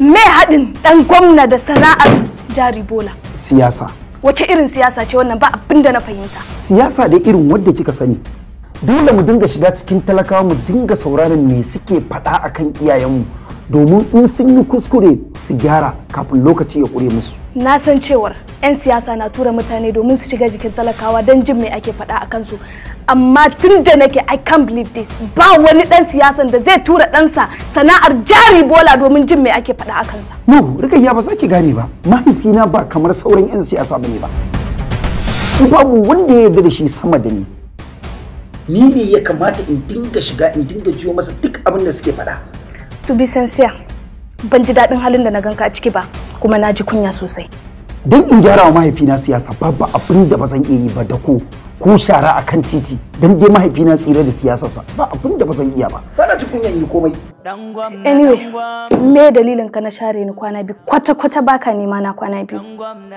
me haɗin ɗan gwamna da sana'ar jari bola siyasa wace irin siyasa ce wannan ba abin da na fahimta siyasa da irin wadda kika sani dole mu dinga shiga cikin talakawa mu dinga sauraron me suke faɗa akan iyayenmu domin in sun yi kuskure su gyara kafin lokaci ya kure musu na san cewar 'yan siyasa na tura mutane domin su shiga jikin talakawa don jin mai ake faɗa a kansu amma tun da nake i can't believe this ba wani dan siyasan da zai tura ɗansa sana'ar jari bola domin jin mai ake faɗa a kansa no rikayya ba sake gane ba mahaifina ba kamar sauran 'yan siyasa bane ba babu wanda ya yarda da shi sama da ni ni ne ya kamata in dinga shiga in dinga jiyo masa duk abin da suke faɗa to be sincere ban ji daɗin halin da na ganka a ciki ba kuma na ji kunya sosai don in gyara wa mahaifina siyasa babu abin da ba zan iya yi ba da ko ko shara a kan titi don dai mahaifina tsira da siyasarsa ba abin da ba zan iya ba ba ji kunyan yi komai anyway me dalilin ka na share ni kwana biyu kwata kwata baka nema na kwana biyu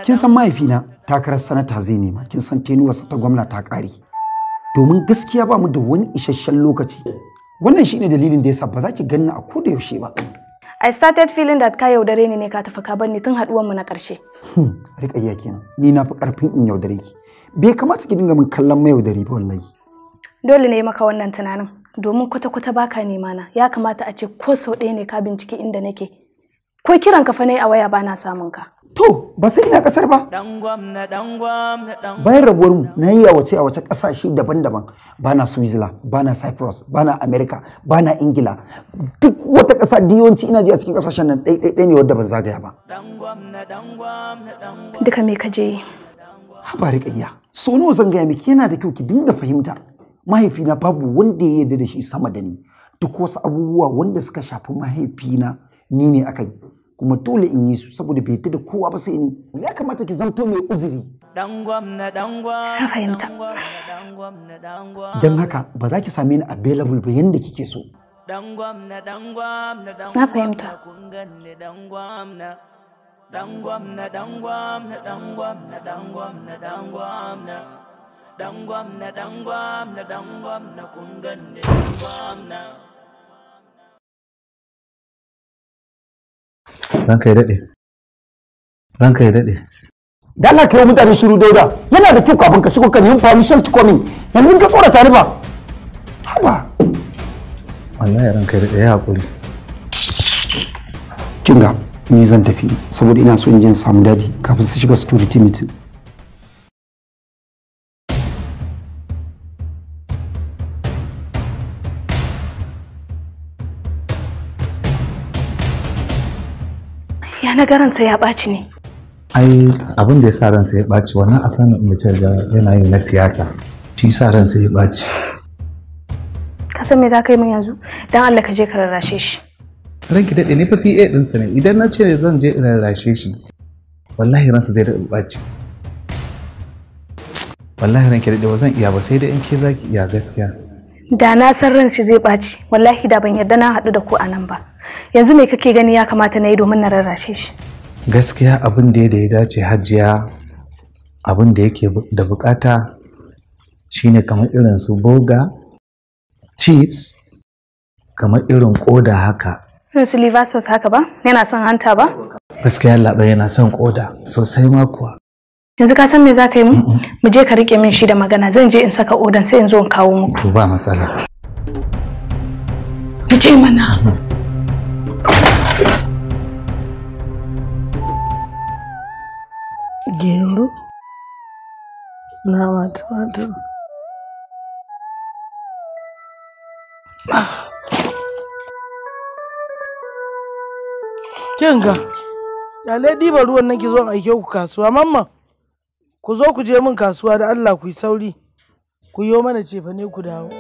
kin san mahaifina takarar sanata zai nema kin san tenuwarsa ta gwamna ta ƙare domin gaskiya ba mu da wani isasshen lokaci wannan shine dalilin da sa ba za ki ganni a ko da yaushe ba I started feeling that ka yaudare ni ne ka tafi ka barni tun haduwar mu na karshe hmm, iya kenan ni na fi karfin in yaudare ki bai kamata ki dinga min kallon mai yaudari ba wallahi dole ne maka wannan tunanin domin kwata-kwata baka nema na ya kamata a ce ko sau ɗaya ne ka binciki inda nake ko kiran ka fa ne a waya bana samun ka To, ba sai ina kasar ba. Bayan rabuwar mu, na yi a wace a wace kasashe daban-daban. Ba na Switzerland, ba na Cyprus, ba na America, ba na Ingila. Duk wata kasa diyonci ina ji a cikin kasashen nan ɗaiɗaiɗai ne wadda ban zagaya ba. Duka me ka je yi? Habari so nawa zan gaya miki yana da kyau ki dinga fahimta. Mahaifina babu wanda ya yarda da shi sama da ni. Duk wasu abubuwa wanda suka shafi mahaifina ni ne aka yi. kuma dole in yi su saboda bai yadda da kowa ba sai ni ya kamata ki zanto mai uzuri dan fahimta dan haka ba za ki same ni available ba yanda kike so dan gwamna dan gwamna dan na fahimta kun dan ranka ya daɗe ranka ya daɗe da Allah kai mutane shiru dauda yana da kyau kafin ka shigo ka nemi permission to come yanzu ka kora tare ba haba wallahi ranka ya daɗe ya hakuri kinga ni zan tafi saboda ina so in je in samu dadi kafin su shiga security meeting na ga ransa ya ɓaci ne ai abin da ya sa ransa ya ɓaci wannan asanin inda ce ga yana yi na siyasa shi sa ransa ya ɓaci ka san me za ka yi min yanzu dan Allah ka je ka rarrashe shi ranki daɗe ni fa PA ɗinsa ne idan na ce zan je in rarrashe shi wallahi ransa zai daɗa ɓaci wallahi ranki daɗe ba zan iya ba sai dai in ke zaki iya gaskiya da na san ransa zai ɓaci wallahi da ban yarda na haɗu da ku a nan ba yanzu me kake gani ya kamata na yi domin na rarrashe shi gaskiya abin da ya dace hajiya abin da yake da bukata shine kamar irin su boga chips kamar irin koda haka irin su liver sauce haka ba yana son hanta ba gaskiya labai yana son koda sosai ma kuwa yanzu ka san me za ka yi mu mu je ka rike min shi da magana zan je in saka odan sai in zo in kawo muku ba matsala ka ce mana mm-hmm. gero nama tumatur kinga ya ladi ruwan nake zo aike ku kasuwa mamma ku zo ku je min kasuwa da Allah ku yi sauri ku yi mana cefane ku dawo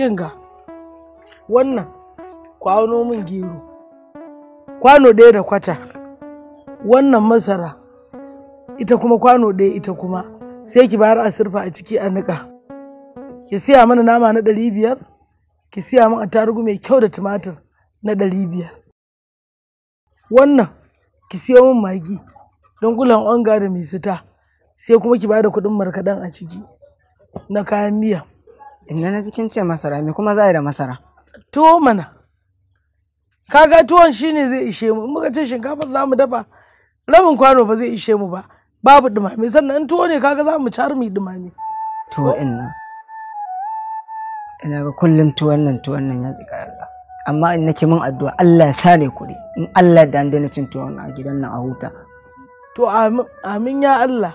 kin ga wannan kwano min gero kwano ɗaya da kwata wannan masara ita kuma kwano ɗaya ita kuma sai ki bayar a sirfa a ciki a niƙa ki siya mana nama na ɗari biyar ki siya min attarugu mai kyau da tumatir na ɗari biyar wannan ki siyo min magi don kulan onga da mai sita sai kuma ki da kuɗin markaɗen a ciki na kayan miya Inna na jikin ce masara me kuma za a yi da masara? Tuwo mana. Kaga tuwon shine zai ishe mu in muka ce shinkafa za mu dafa rabin kwano ba zai ishe mu ba babu dumami sannan in tuwo ne kaga za mu car mu dumame. Tuwo inna. Ina ga kullum tuwon nan tuwon nan ya tsika Allah. Amma in nake min addu'a Allah ya sare kuɗi in Allah ya dandana cin tuwon a gidan nan a huta. To amin ya Allah.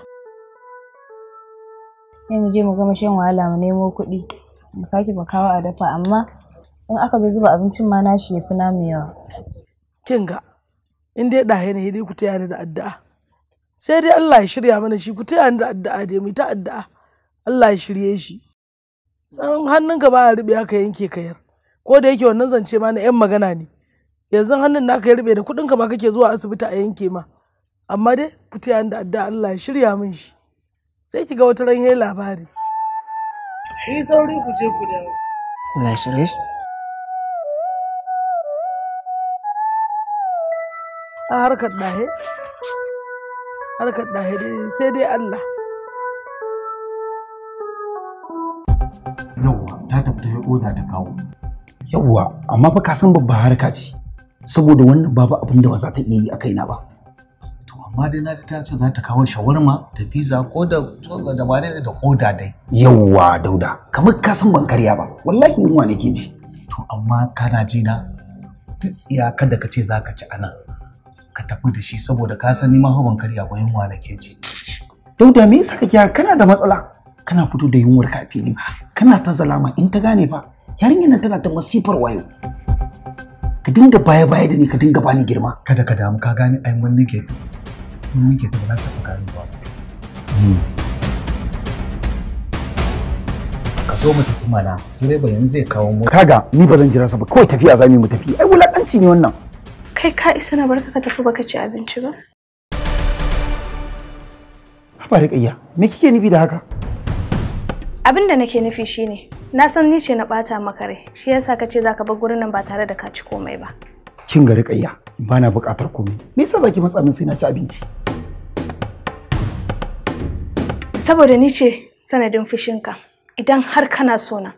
sai mu je mu gama shan wahala mu nemo kuɗi mu sake mu kawo a dafa amma in aka zo zuba abincin ma nashi ya fi namu yawa. kin ga in dai ɗaya ne dai ku taya ni da addu'a sai dai Allah ya shirya mana shi ku taya ni da addu'a dai mu ta addu'a Allah ya shirye shi san hannunka ba a rube haka yanke kayar ko da yake wannan zance ma na yan magana ne yanzu hannun naka ya rube da kuɗinka ba kake zuwa asibiti a yanke ma amma dai ku taya ni da addu'a Allah ya shirya min shi sai ki ga wata ran yayi labari yi sauri ku je ku dawo lashiris a harkar dahe harkar dahe sai dai Allah yawwa ta tafi ya yi ta kawo yawwa amma fa ka san babbar harka ce saboda wannan babu abin da ba za ta iya yi a kaina ba amma dai na ji ta ce za ta kawo shawarma da pizza ko da da ba da koda dai yawwa dauda kamar ka san ban karya ba wallahi yunwa ke ji to amma kana ji na duk tsiya kada ka ce za ka ci ana, ka tafi da shi saboda ka san ni ma ban karya ba yunwa ke ji dauda me yasa kake kana da matsala kana fito da yunwar ka fili kana ta zalama in ta gane ba? yarinyar nan tana ta masifar wayo ka dinga baya baya da ni ka dinga bani girma kada ka damu ka gane ai mun nake in muke ta ba ta fi ba ka so mu tafi mana direba yanzu zai kawo mu kaga ni ba zan jira sa ba kawai tafiya za mu tafi ai wulakanci ne wannan kai ka isa na barka ka tafi baka ci abinci ba haba da kayya me kike nufi da haka abin da nake nufi shine na san ni ce na bata maka rai shi yasa kace zaka bar gurin nan ba tare da ka ci komai ba kin gari ƙayya? ba na buƙatar komai me yasa zaki matsa min sai na ci abinci saboda ni ce sanadin fushinka idan har kana so na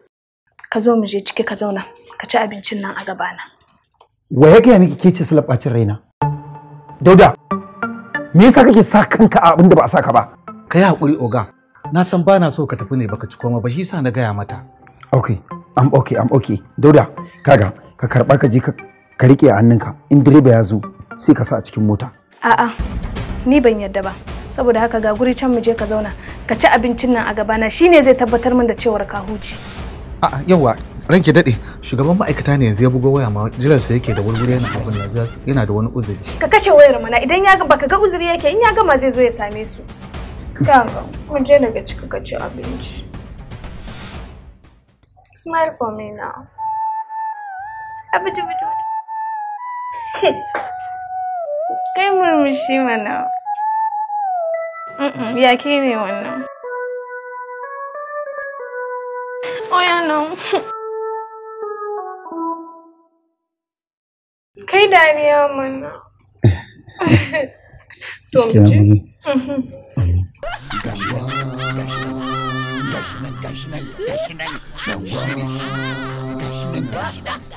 ka zo mu je ciki ka zauna ka ci abincin nan a gabana wa ya gaya miki ke ce salabacin raina dauda me yasa kake sa kanka a abinda ba a saka ba kai hakuri oga na san ba so ka tafi ne baka ci koma ba shi yasa na gaya mata okay am okay am okay dauda kaga ka karba ka je ka ka riƙe a hannunka in direba ya zo sai ka sa a cikin mota a'a ni ban yarda ba saboda haka ga guri can mu je ka zauna ka ci abincin nan a gabana shine zai tabbatar min da cewar ka huce a'a yawa ranke daɗe shugaban ma'aikata ne yanzu ya buga waya ma jiransa yake da wurwuri yana abin da yana da wani uzuri ka kashe wayar mana idan ya baka ga uzuri yake in ya gama zai zo ya same su dama mu je daga cika ka ci abinci smile for me now abidi bidi kai murmushi mana ya ke ne wannan oya oh, nan kai dariya mana mm-hmm.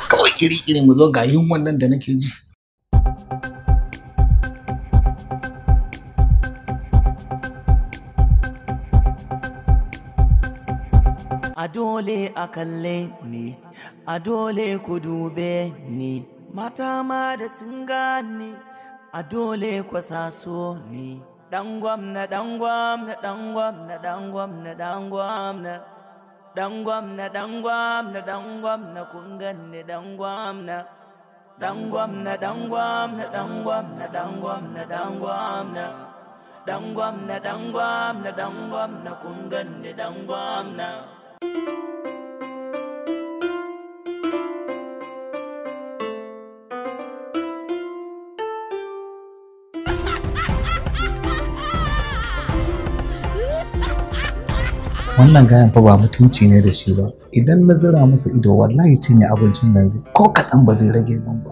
kawai iri-iri mu zo ga yin wannan da nake ji Adole dole a kalle ni a dole ni mata ma da adole gane a dole ku saso ni dan gwamna dan gwamna dan gwamna dan gwamna dan gwamna dan gwamna dan gwamna dan na kun na dan na dan na dan na, dan na dan na dan na dan gwamna dan gwamna dan gwamna kun ganne dan gwamna wannan gayan fa ba mutunci ne da shi ba idan na zira masa ido wallahi cinye abincin nan zai ko kaɗan ba zai rage min ba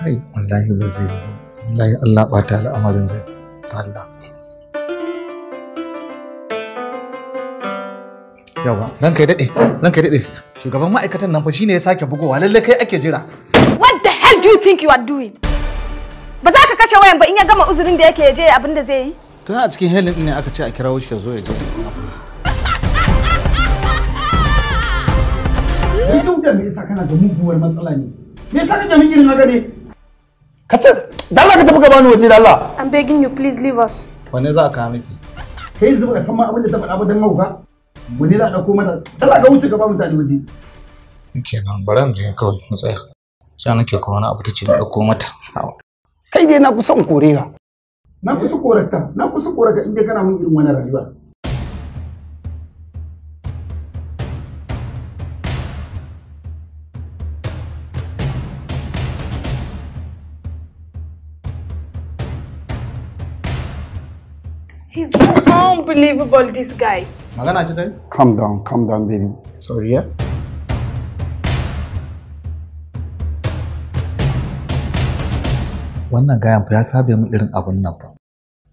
kai wallahi ba zai ba wallahi Allah ta al'amarin zai Allah yawa nan kai daɗe nan kai daɗe shugaban ma'aikatan nan fa shine ya sake bugowa lalle kai ake jira what the hell do you think you are doing ba za ka kashe wayan ba in ya gama uzurin da yake ya je abin da zai yi tun a cikin helin ne aka ce a kirawo shi ya zo ya je duk da me yasa kana da muguwar matsala ne me yasa kake irin haka ne ka ce dalla ka tafi ka bani waje dalla i'm begging you please leave us wanne za ka miki kai zuba ka san ma abin da ta faɗa ba dan hauka mu ne za a ɗauko mata Allah ka wuce ka ba mutane waje kenan bari mu je kawai mu tsaya sai nake ko wani abu ta ce, ɗauko mata kai dai na kusa in kore ka na kusa korarka na kusa korarka inda kana mun irin wani rayuwa He's unbelievable, this guy. magana ta dai calm down calm down baby sorry ya. wannan gayan ya sabe mu irin abun nan ba.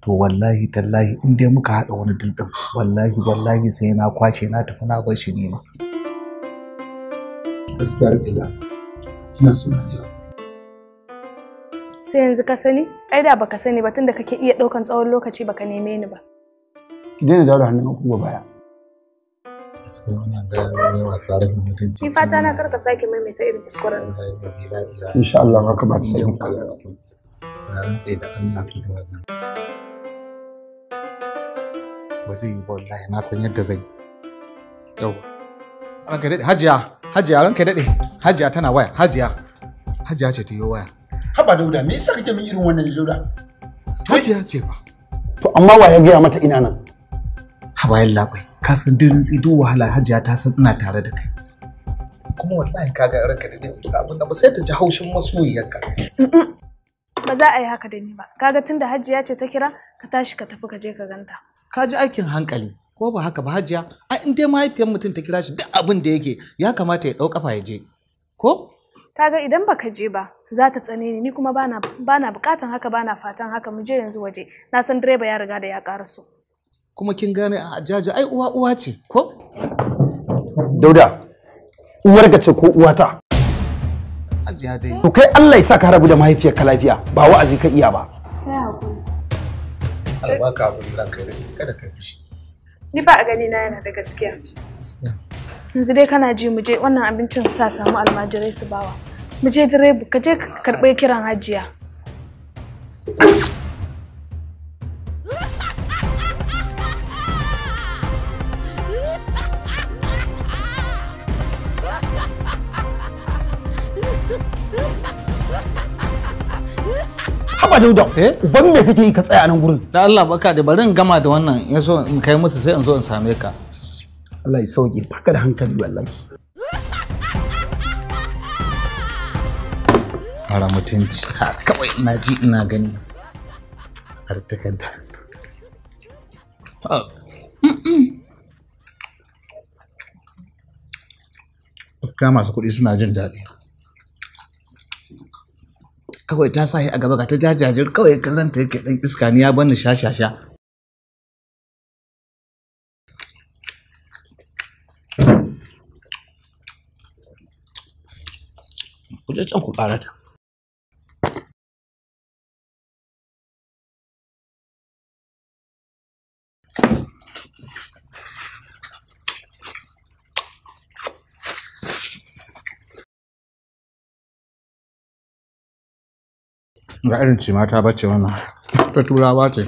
to wallahi tallahi in dai muka haɗa wani dindin wallahi wallahi sai na kwashe na tafi na bar shi ne ma gaskiyar ila ina so na sai yanzu ka sani ai da baka sani ba tunda kake iya ɗaukan tsawon lokaci baka neme ni ba ki daina dawo da hannun ku baya sai wannan ga ne wasa rahin mutunci ni fata na karka sake maimaita irin kuskuren insha Allah ka ba ta sayin ku yaran tsaye da Allah ku da wazan ba zai yi wallahi na san yadda zai yau ranka dade hajiya hajiya ranka dade hajiya tana waya hajiya hajiya ce ta yi waya haba dauda me yasa kake min irin wannan dauda hajiya ce ba to amma wa ya gaya mata ina nan bayan labai ka san dirin tsido wahala hajiya ta san ina tare da kai kuma wallahi ka ga ranka da dai abin abinda ba sai ta ji haushin masoyiyarka ba za a yi haka da ni ba kaga tunda hajiya ce ta kira ka tashi ka tafi ka je ka ganta ka ji aikin hankali ko ba haka ba hajiya ai in dai mahaifiyar mutum ta kira shi duk abin da yake ya kamata ya ɗau kafa ya je ko kaga idan baka je ba za ta tsane ni ni kuma bana bana bukatan haka bana fatan haka mu je yanzu waje na san direba ya riga da ya karaso kuma kin gane a jaji ai uwa uwa ce ko dauda uwar ka ce ko uwata to kai Allah ya sa ka rabu da mahaifiyar ka lafiya ba wa'azi ka iya ba albaka abin da kai kada ka fishi ni ba a gani na yana da gaskiya yanzu dai kana ji mu je wannan abincin sa samu almajirai su bawa mu je direba ka je kiran hajiya haba dauda eh? eh? uban me kake yi ka tsaya a nan gurin da Allah baka da bari in gama da wannan in so in kai musu sai in zo in same ka Allah ya sauke baka da hankali wallahi Ara mutunci ha kawai na ji ina gani har takarda Gaskiya masu kuɗi suna jin daɗi. kawai ta sahi a gaba ga ta jajajir kawai kallon ta yake ɗan iska ni ya bani sha sha sha ku je ga irin ce mata bace wannan ta turawa ce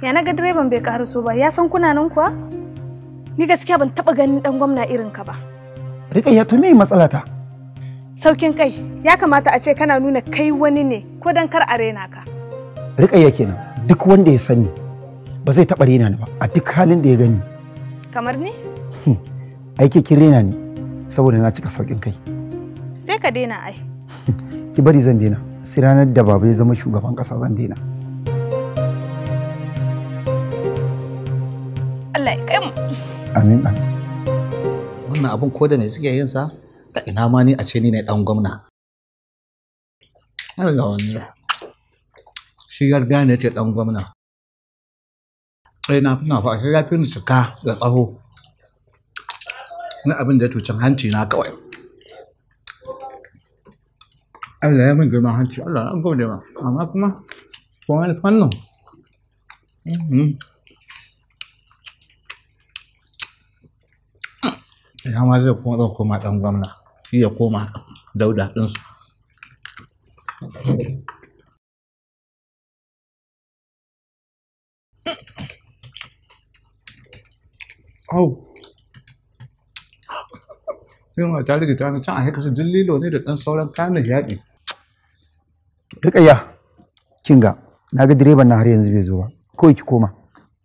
ya na ga direban bai so ba ya san kuna nan kuwa ni gaskiya ban taba ganin dan gwamna irin ka ba rika ya to me matsala ta saukin kai ya kamata a ce kana nuna kai wani ne ko dan kar arena ka rika ya kenan duk wanda ya sani ba zai taba rena ni ba a duk halin da ya gani kamar ni hmm. Aike ki rena ni saboda na cika saukin kai sai ka daina ai ki bari zan daina sai ranar da baba ya zama shugaban kasa zan daina Allah ya kai mu amin amin wannan abun ko da me suke yin sa ka ina ma ni a ce ni ne dan gwamna Allah wallahi shi yarda ne ta dan gwamna kai na fina fa shi ya fi ni cika ga tsaho na abin da ya tucin hanci na kawai Allah ya min girman hanci Allah na gode ma amma kuma ko wani fannin ya ma zai kuma zai koma ɗan gwamna shi ya koma dauda ɗinsu Oh. yunwa ta rigi ta can a haikasa duk lilo ne da ɗan sauran kayan yaƙi. Rikayya, kin na ga direban na har yanzu bai zo ba, kawai ki koma,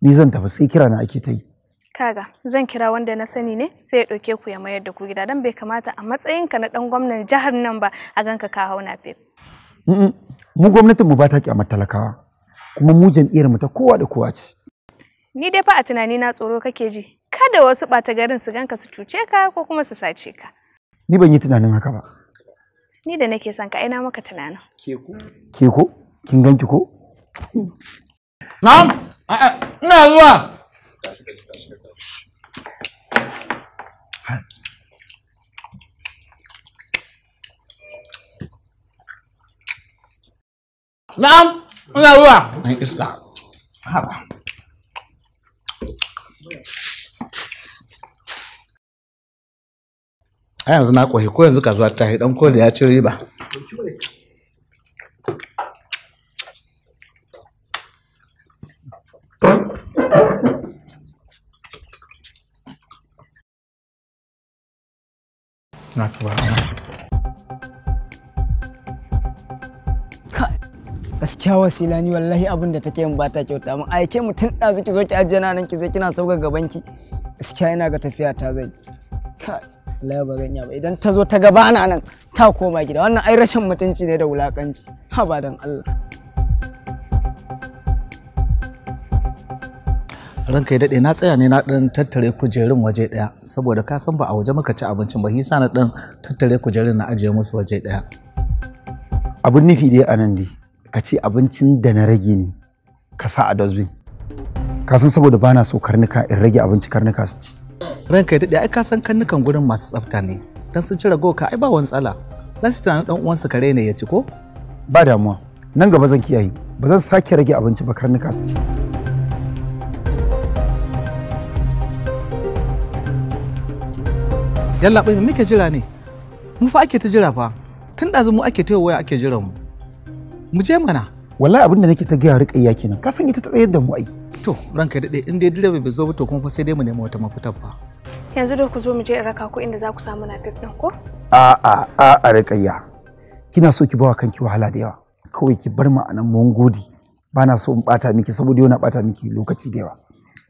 ni zan tafi sai kira na ake ta yi. Kaga, zan kira wanda na sani ne sai ya ɗauke ku ya mayar da ku gida don bai kamata a matsayinka na ɗan gwamnan jihar nan ba a ganka ka hau na fef. Mu gwamnatin mu ba ta kyamar talakawa, kuma mu jam'iyyar mu ta kowa da kowa ce. Ni dai fa a tunani na tsoro kake ji, kada wasu ɓata garin su ganka su cuce ka ko kuma su sace ka. Ni ban yi tunanin haka ba. Ni da nake son ka aina maka tunanin. Ke ko? Ke ko? Kin ganki ko? Na'am, ina zuwa. Na'am, ina zuwa. Ɗan iska. Haba. a yanzu na kohi ko yanzu ka zuwa ta dan koli ya ci riba na gaskiya wasila ni wallahi abin da take yin ba ta kyauta mun aike mutum ɗazu ki zo ki ajiye nan ki zo kina sauka gaban ki gaskiya ina ga tafiya ta zai kai Allah ya bazan ya ba idan ta zo ta gaba na nan ta koma gida wannan ai rashin mutunci ne da wulakanci ha ba dan Allah ranka ya daɗe na tsaya ne na ɗan tattare kujerun waje ɗaya saboda ka san ba a waje muka ci abincin ba hisa na ɗan tattare kujerun na ajiye musu waje ɗaya abun nufi dai a nan dai ka ci abincin da na rage ne ka sa a dozbin ka san saboda ba na so karnuka in rage abinci karnuka su ci ranka ya daɗe ai ka san kannukan gurin masu tsafta ne dan sun ci goka ai ba wani tsala za su tunanin dan uwansa kare ne ya ci ko ba damuwa nan gaba zan kiyaye ba zan sake rage abinci ba karnuka su ci yalla bai muke jira ne mu fa ake ta jira fa tun ɗazu mu ake ta waya ake jira mu mu je mana wallahi abin da nake ta gaya riƙa kenan ka san ita ta tsayar da mu ai to ranka daɗe in dai direba bai zo ba to kuma sai dai mu nemi wata mafita fa yanzu da ku zo mu je in raka ku inda za ku samu nafif ɗin ko a a a a rikayya kina so ki bawa kanki wahala da yawa kawai ki bar mu a nan mun gode ba na so in bata miki saboda yau na bata miki lokaci da yawa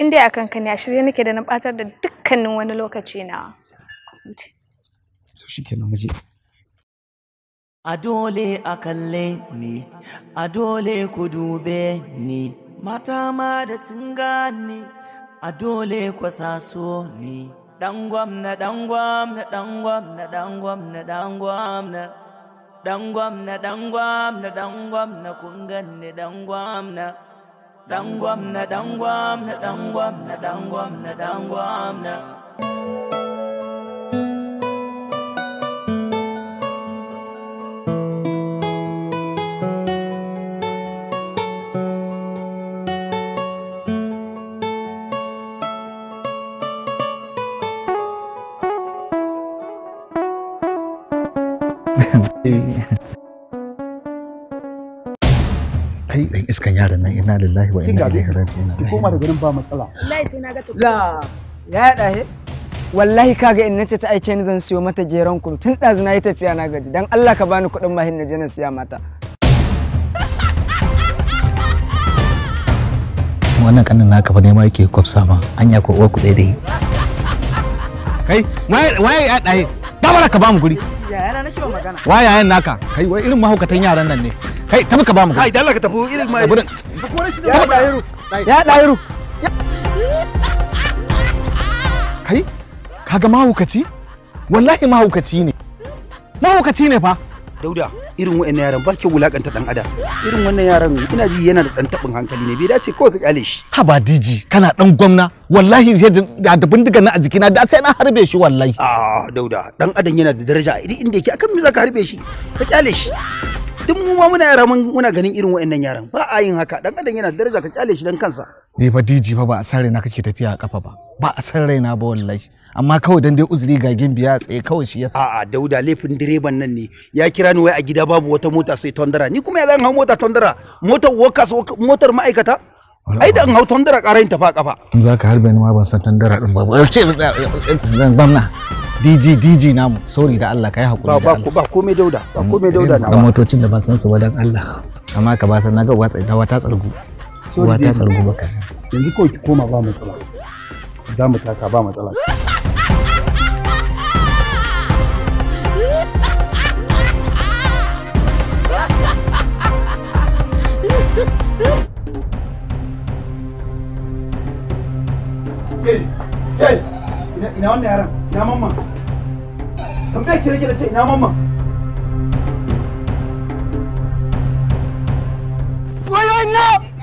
in dai akan ka a shirye nake da na batar da dukkanin wani lokaci na so shikenan mu je a dole a kalle ni a dole ku dube ni mata ma da sun gane a dole kwasa so ne dan gwamna dan gwamna dan gwamna dan gwamna dan gwamna dan gwamna dan gwamna dan gwamna kun ganne dan gwamna dan gwamna dan gwamna dan gwamna dan gwamna dan gwamna inna lillahi wa inna ilaihi raji'un ki koma da gurin ba matsala wallahi sai na ga ta la ya da he wallahi kaga in nace ta aike ni zan siyo mata geron kunu tun ɗazu na yi tafiya na gaji dan Allah ka bani kuɗin mahin na je na siya mata wannan kanin naka fa nema yake kwafsa ma anya ko uwa ku dai kai waye ya ya ɗaya damar ka ba mu guri yayana nake wa magana wa yayan naka kai wai irin mahaukatan yaran nan ne kai tafi ka bamu guri kai Allah ka tafi irin mai gurin ya dairu ya dairu kai kaga mahaukaci wallahi mahaukaci ne mahaukaci ne fa dauda irin wa'annan yaran ba ke wulakanta dan adam irin wannan yaran ina ji yana da dan tabin hankali ne bai dace kawai ka kyale shi haba diji kana dan gwamna wallahi zai da da bindiga na a jikina da sai na harbe shi wallahi ah dauda dan adam yana da daraja idan inda yake akan me zaka harbe shi ka kyale shi duk mu ma muna yara muna ganin irin wa'annan yaran ba a yin haka dan adam yana da daraja ka kyale shi dan kansa ni fa diji fa ba a san raina kake tafiya a kafa ba ba a san raina ba wallahi amma kawai dan dai uzuri ga biya tsaye kawai shi yasa a'a dauda laifin direban nan ne ya kira ni wai a gida babu wata mota sai tondara ni kuma ya zan hau mota tondara motar wokas motar ma'aikata ai da in hau tondara karayin ta a kafa in za ka harbe ni ma ban san tondara din ba ba ce zan bamna DJ DJ namu sorry da Allah kai hakuri da Allah ba komai dauda ba komai dauda na ba motocin da ban san su ba dan Allah amma ka ba san ga watsa dawa ta tsargu uwa ta tsargu maka yanzu kawai ki koma ba matsala za mu taka ba matsala ina wannan yaran, ina mamma. Tambaya ki rage da ce ina mamma. Wai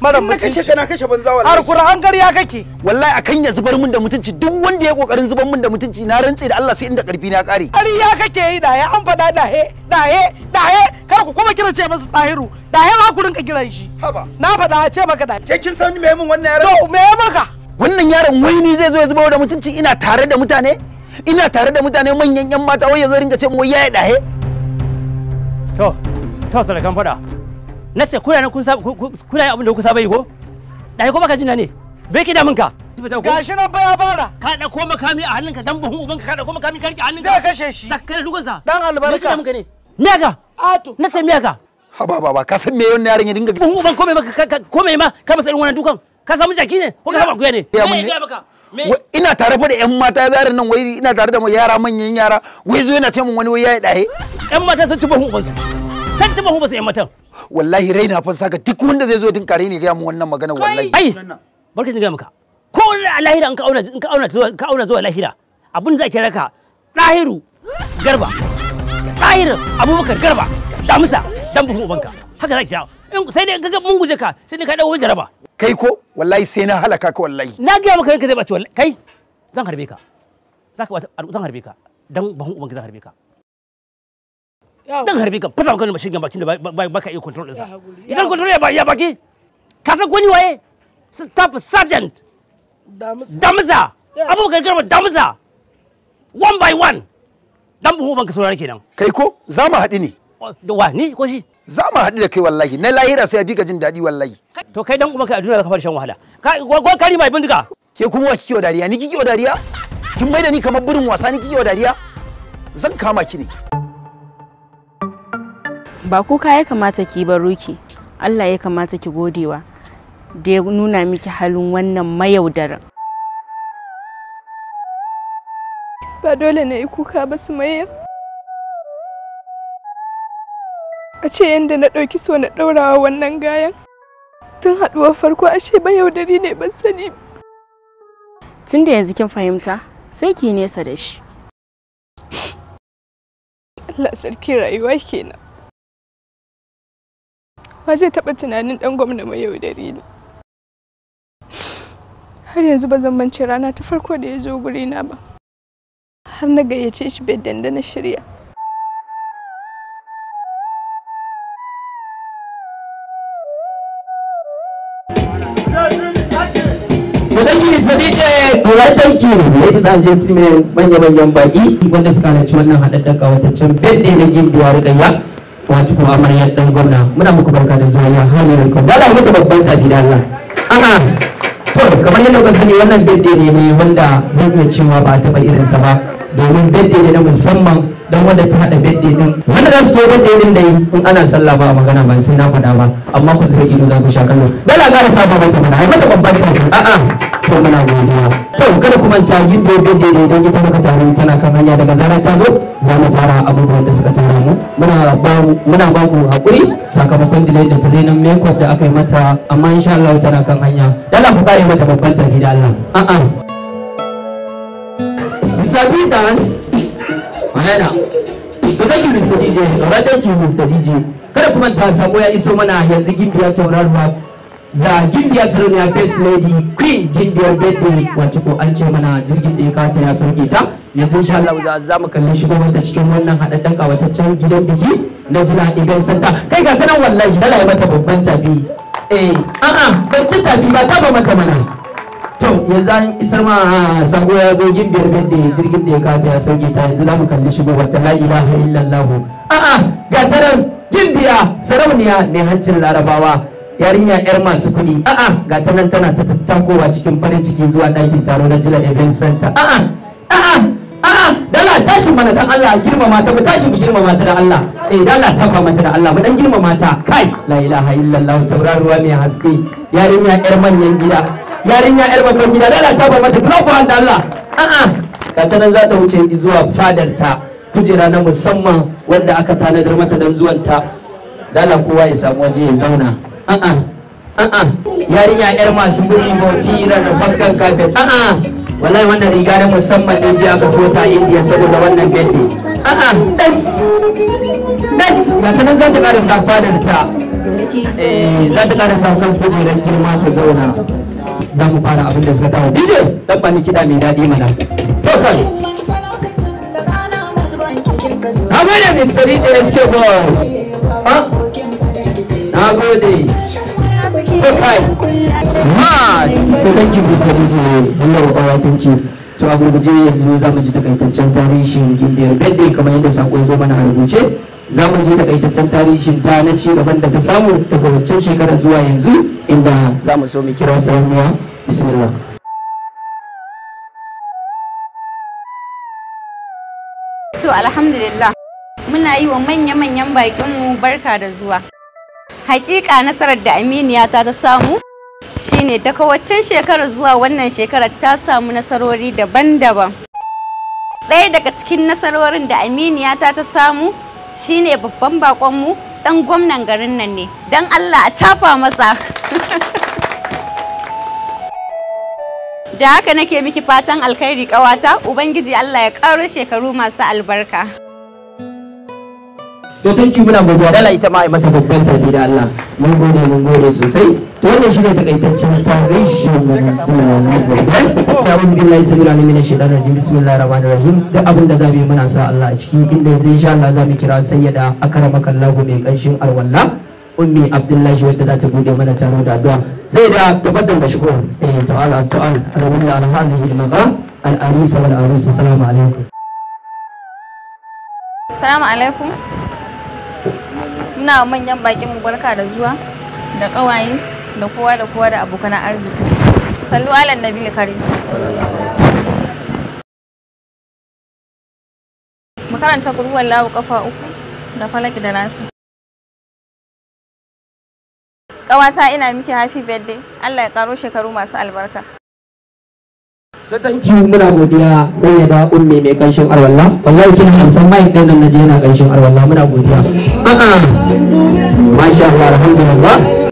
mara mutunci kashe kana kashe banza wallahi alquran ƙarya kake wallahi akan ya zubar mun da mutunci duk wanda ya kokarin zubar mun da mutunci na rantse da Allah sai inda karfi na kare ƙarya kake yi da ya an faɗa da he da he da he kar ku kuma kira ce masa tahiru da he za ku rinka kiran shi haba na faɗa ce maka da ke kin san me mun wannan yaron to me maka wannan yaron wai ni zai zo ya zubar da mutunci ina tare da mutane ina tare da mutane manyan yan mata wai ya zo rinka ce mu yayi dahe to to sarakan faɗa na ce kuna nan kun kuna yin abin da ku saba yi ko dai ko baka jina ne bai ki damun ka gashi nan baya bara ka da ko makami a hannunka dan buhun ubanka ka da ko makami ka rike hannunka zai kashe shi sakkare dukansa dan albarka ne miyaga ato na ce ba haba ba ka san me wannan yaron ya dinga buhun uban komai maka komai ma ka masa irin wannan dukan ka samu jaki ne ko ka samu akuya ne me ga baka ina tare fa da yan mata yaran nan wai ina tare da yara manyan yara wai zo yana ce min wani wai yayi dahe yan mata sun ci buhun ubansu san ta ba sai matan wallahi raina fa saka duk wanda zai zo din kare ne ga mu wannan magana wallahi ai barka ji ga maka ko a lahira in ka auna ka auna zuwa lahira abin da ake raka ɗahiru garba dahiru abubakar garba damisa dan buhun ubanka haka za ki dawo sai dai in mun guje ka sai ka dawo jaraba kai ko wallahi sai na halaka ka wallahi na ga maka ranka zai baci wallahi kai zan harbe ka zaka zan harbe ka dan buhun ubanka zan harbe ka dan harbi ka fasa kan mashigin bakin da baka iya control ɗinsa idan control ya ya baki ka san kwani waye staff sergeant damza abubakar garba damza one by one dan buhu banka ka saurari kenan kai ko za mu haɗu ne da wa ni ko shi za mu haɗu da kai wallahi na lahira sai ya bi ka jin daɗi wallahi to kai dan kai a duniya ka fara shan wahala ka kari mai bindiga ke kuma wa kike wa dariya ni kike wa dariya kin mai da ni kamar burin wasa ni kike wa dariya zan kama ki ne ba kuka ya kamata ki ba Allah ya kamata ki godewa da ya nuna miki halin wannan mayaudarin ba dole na yi kuka ba su maye a ce yadda na ɗauki so na ɗaurawa wannan gayan tun haɗuwar farko ashe ba yaudari ne ban sani tun da yanzu kin fahimta sai ki nesa da shi Allah sarki rayuwa kenan wa zai taɓa tunanin ɗan gwamna mai yaudari ne har yanzu ba zan bance rana ta farko da ya zo guri na ba har na gayyace shi bai dandana shirya Sadaki Sadice, alright thank ladies and gentlemen manya-manyan baki wanda suka halarci wannan haɗaɗɗen kawataccen bed na gimbiya rigayya wato kuma amaryar dan gwamna muna muku barka da zuwa ya hali ne ko wala muku babban ta gidan nan to kamar yadda kuka sani wannan birthday ne wanda zan iya cewa ba a taɓa sa ba domin birthday ne na musamman dan wanda ta hada birthday din wanda za so zo birthday din dai in ana sallah ba a magana ba sai na faɗa ba amma ku zai ido za ku sha kallo dala gara ta ba ta mana ai mata babbar ta a'a to muna godiya to kada ku manta yin birthday din dan ita maka tare tana kan hanya daga zara ta zo za mu fara abubuwan da suka tara mu muna ba muna ba ku hakuri sakamakon delay da ta zainan makeup da aka yi mata amma insha Allah tana kan hanya dala ku kare mata babban ta gidan Allah a Sabi dance Ayana. Sannan Mr. DJ, ranar ki Mr. DJ. Kada kuma ta samu ya iso mana yanzu gimbiya taurarwa za gimbiya sarauniya first lady queen gimbiya birthday wacce ko an ce mana jirgin da ya kata ya sauke ta yanzu insha Allah za za mu kalle shi kuma ta cikin wannan hadaddan kawataccen gidan biki na jira idan santa kai ga sanan wallahi dala ya mata babban tabi eh a'a ban ci tabi ba ta ba mata mana to yanzu an isar ma sako ya zo gimbiyar bende jirgin da ya kata ya sauke ta yanzu za mu kalli shigo wata la ilaha illallah a'a ga ta nan gimbiya sarauniya ne hancin larabawa yarinya yar masu kuɗi a'a ga ta nan tana ta tattakowa cikin farin ciki zuwa ɗakin taro na jila event center a'a a'a a'a dala tashi mana dan Allah girmama ta mu tashi mu girmama ta da Allah eh dala tafa mata da Allah mu dan girmama ta kai la ilaha illallah tauraruwa mai haske yarinya yar manyan gida yarinya yar babban gida lalata bar mata fulafu da Allah a'a ka nan za ta wuce zuwa fadar ta kujera na musamman wanda aka tanadar mata dan zuwan ta dala kowa ya samu waje ya zauna a'a a'a yarinya yar masu guri bauti na bakkan kafin a'a wallahi wannan riga na musamman ne jiya aka so ta indiya saboda wannan bende a'a das das ga ta za ta ƙara fadar ta eh za ta ƙara sa kan kujerar girma ta zauna za mu fara abin da suka kawo DJ dan bani kiɗa mai daɗi mana to kan na gode Mr. DJ SK Boy na gode to kai ma so thank you Mr. DJ Allah wa bawa thank you to a gurguje yanzu za mu ji takaitaccen tarihin gimbiyar birthday kamar yadda sako ya zo mana a rubuce za mu je takaitaccen tarihin ta na ci gaban da ta samu daga wancan shekara zuwa yanzu inda za mu so mu kira sarauniya bismillah to alhamdulillah muna yi wa manya-manyan bakinmu barka da zuwa hakika nasarar da aminiya ta ta samu shine daga waccan shekarar zuwa wannan shekarar ta samu nasarori daban-daban ɗaya daga cikin nasarorin da aminiya ta ta samu Shi ne babban bakonmu dan gwamnan garin nan ne don Allah a tafa masa da haka nake miki fatan alkhairi kawata ubangiji Allah ya karo shekaru masu albarka so thank you muna godiya dala ita ma mata babban tani da Allah mun gode mun gode sosai to wannan shine takaitaccen tarihin sunan Zainab ta wuce billahi sabila ne mina shaitan rajim bismillah rahmanir rahim duk abin da zamu muna sa Allah a ciki inda yanzu insha Allah zamu kira sayyada akramakallahu mai kanshin alwala ummi abdullahi wadda za ta bude mana taro da addu'a sai da tabbatar da shukur eh ta'ala ta'ala rabbana alhazihi al-maqam al-arisa wal-arisa assalamu alaikum assalamu alaikum Muna manyan bakin mu barka da zuwa da kawaye da kowa da kowa da abokan arziki. Sallu ala Nabi Karim. Mu karanta kurwan lawu kafa uku da falaki da nasi. Ƙawata ina miki happy birthday. Allah ya karo shekaru masu albarka. so muna godiya sai ya da umme mai kanshin arwalla wallahi kin an san mai dan nan naje yana kanshin arwalla muna godiya a'a masha Allah alhamdulillah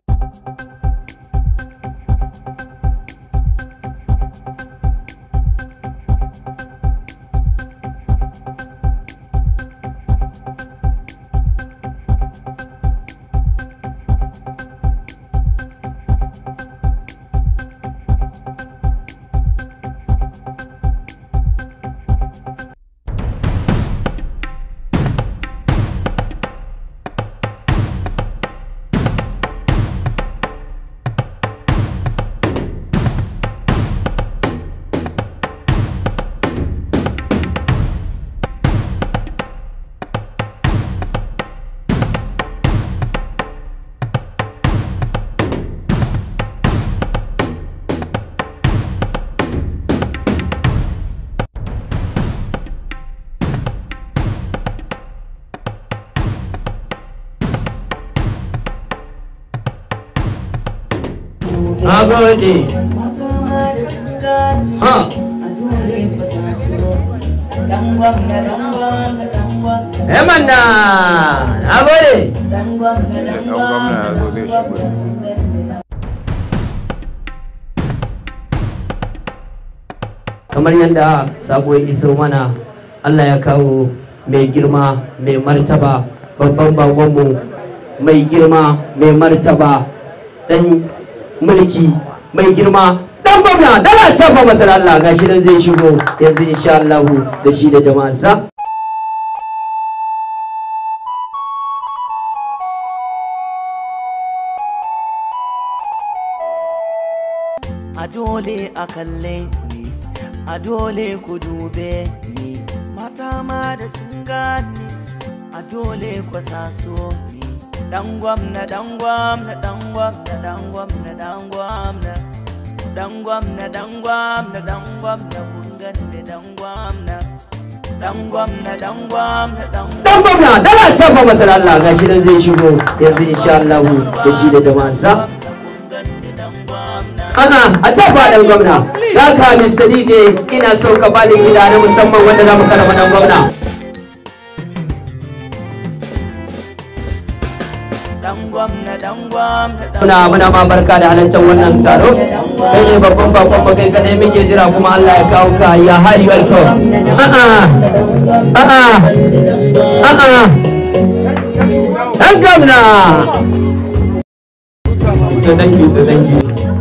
Eh, kamar yadda sabo ya iso mana allah ya kawo mai girma mai martaba babban bagonmu mai girma mai martaba dan mulki mai girma dan gwamna dala tabba masar Allah gashi nan zai shigo yanzu insha Allah da shi da jama'arsa a dole a kalle ni a dole ku dube ni mata ma da sun gani a dole ku saso ni dan gwamna dan gwamna dan gwamna dan gwamna dan gwamna dan gwamna dan gwamna dan gwamna kun ganni dan gwamna dan gwamna dan gwamna dan gwamna dan tabba masa Allah shi nan zai shigo yanzu insha Allah da shi da jama'arsa ana a tabba dan gwamna haka Mr. DJ ina so ka bada gida na musamman wanda za mu karama dan gwamna muna muna ma barka da halartar wannan taro kai ne babban bakon ba kai kadai muke jira kuma Allah ya kawo ka ya hari welko a'a a'a a'a dan gamna so thank you so thank you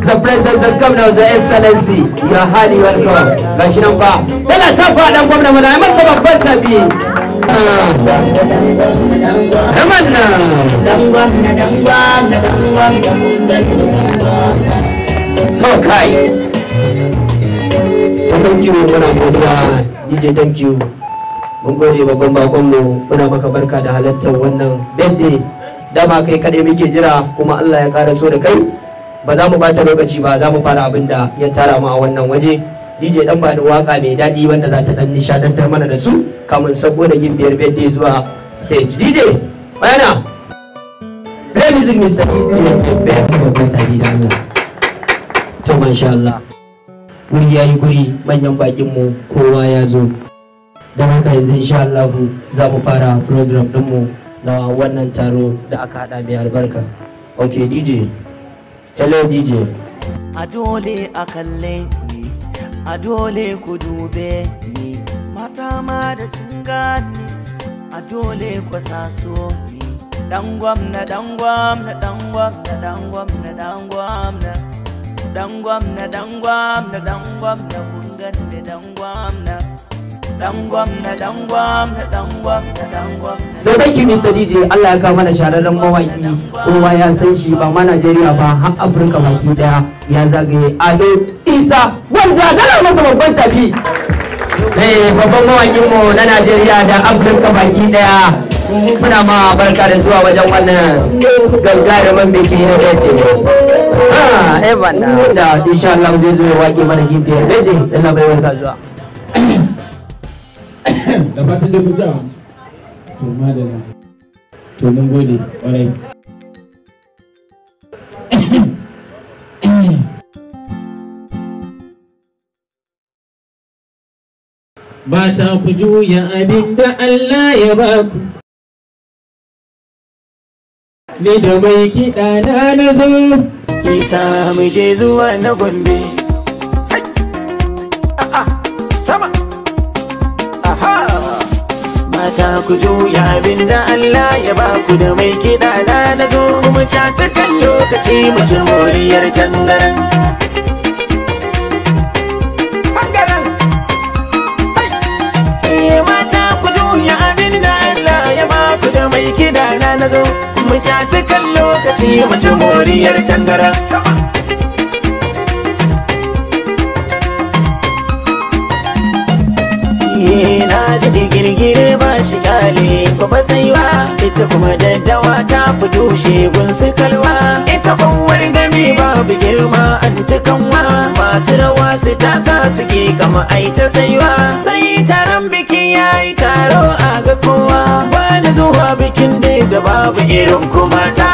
the president the governor the excellency ya hali welko gashi nan ba yana tafa dan gwamna mana ai masa babban tabi Naman na. kai. thank you muna godiya DJ thank you. Mun gode babban bakonmu muna maka barka da halartar wannan birthday. Dama kai kaɗai muke jira kuma Allah ya ƙara so da kai. Ba za mu bata lokaci ba za mu fara abin da ya tara mu a wannan waje. DJ dan da waka mai daɗi wanda za ta dan nishadantar mana da su kamun sabo da gin biyar biyar zuwa stage DJ bayana Play music Mr. DJ Bebet babban tari da Allah to masha Allah guri yayi guri manyan bakin mu kowa ya zo dan haka yanzu insha Allah za mu fara program mu na wannan taro da aka hada mai albarka ok DJ hello DJ a dole a kalle a dole ku dube ni mata ma da sun gani a dole ku saso ni dan gwamna dan gwamna dan gwamna dan gwamna dan gwamna dan gwamna dan gwamna dan gwamna kun gani dan gwamna sai dai kimi sadiji Allah ya kawo mana shahararren mawaki kowa ya san shi ba ma Najeriya ba har Afirka baki daya ya zagaye Ado Isa wanda dana masa babban tafi eh, babban mawakin mu na Najeriya da Afirka baki daya muna ma barka da zuwa wajen wannan gagarumin biki na birthday Ah, Evan eh, da insha Allah zai zo ya wake mana gifiyar birthday da na baiwar zuwa. da ba ta ku juya abin da Allah ya ba ku ni da mai kiɗa na na zo ki samu je zuwa na gombe mata ku juya abinda Allah ya ba ku da mai kiɗa na na zo kuma ca sakan lokaci mu ci moriyar tangaran. Eh, mata juya abinda Allah ya da mai kiɗa na na zo ca sakan lokaci mu ci moriyar tangaran. girgire ba shi kyale ko ba saiwa ita kuma daddawa ta fito shegun su kalwa ita kowar gami babu girma an kanwa masu rawa su taka suke kama ai ta saiwa sai taron biki yayi taro a ga kowa wani zuwa bikin dai da babu irin kuma ta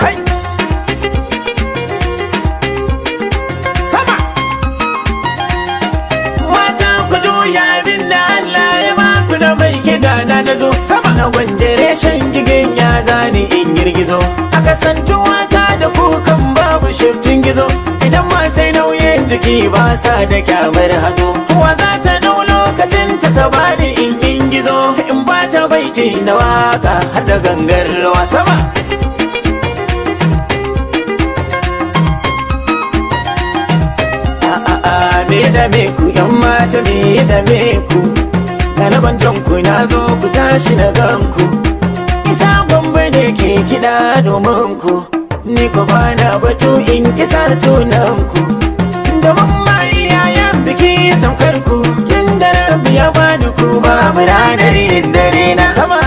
na gwanje reshen gigin ya zani in girgizo a kasantuwa ta da kukan babu shiftin gizo idan ma sai nauyin jiki ba sa da kyamar hazo kuwa za ta dau lokacin ta ta bani in gizo? in ba ta baiti na waka har da gangar ruwa sama Me da me ku yan mata me da me ku haka na bantan na zo ku tashi na ganku isa gombe ne ke kiɗa domin ku ni ko bana batu in kisa sunan ku domin ma yaya biki tamkar ku kin da rabi ya bani ku ba ranar yin dare na sama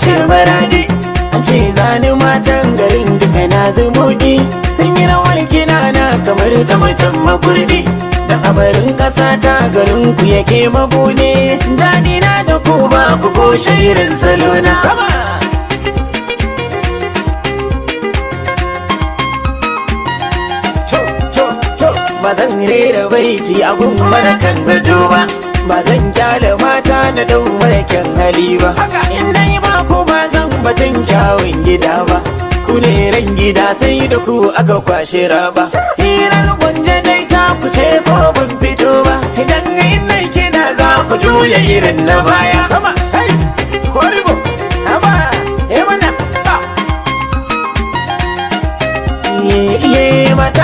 ce baradi an ce zani matan garin duka na zumuɗi sun yi rawar kinana kamar ta mutum makurdi da abarin ƙasa ta garin ku yake mabuɗe daɗi na da ku ba ku ko shairin salo na sama ba zan rera baiti a gun kan gado ba ba zan kyale mata na dau marakin hali ba in dai ba ku ba zan batun kyawun gida ba ku ne ran gida sai da ku aka kwashe raba hirar gunje dai ta ku ce ko ban fito ba idan in nai kina za ku juya irin na baya sama kai horibo haba e mana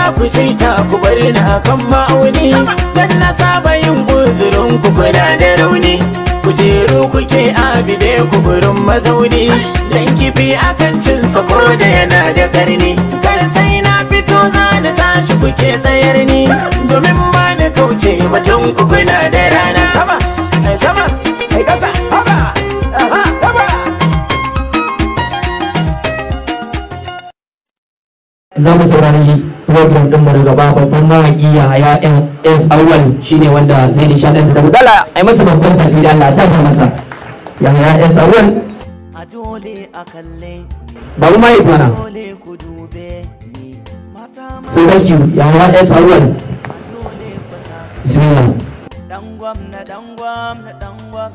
za ku ta ku bari na kan ma'auni dan na saba yin buzurin ku kuna da rauni kujeru kuke abide ku gurin mazauni dan kifi akan cin ko da yana da karni kar sai na fito za na tashi kuke tsayar ni domin ba ni kauce batun ku kuna da rana sama sama kai kasa Zamu saurari program din mu daga baba babban mawaki ya ya ɗan tsawon shine wanda zai nishaɗanta da a yi masa babban tafi da Allah ta masa ya ya 'yan tsawon. a dole a kalle babu mai bana so thank you ya ya S tsawon. bismillah dangwam na dangwam na dangwam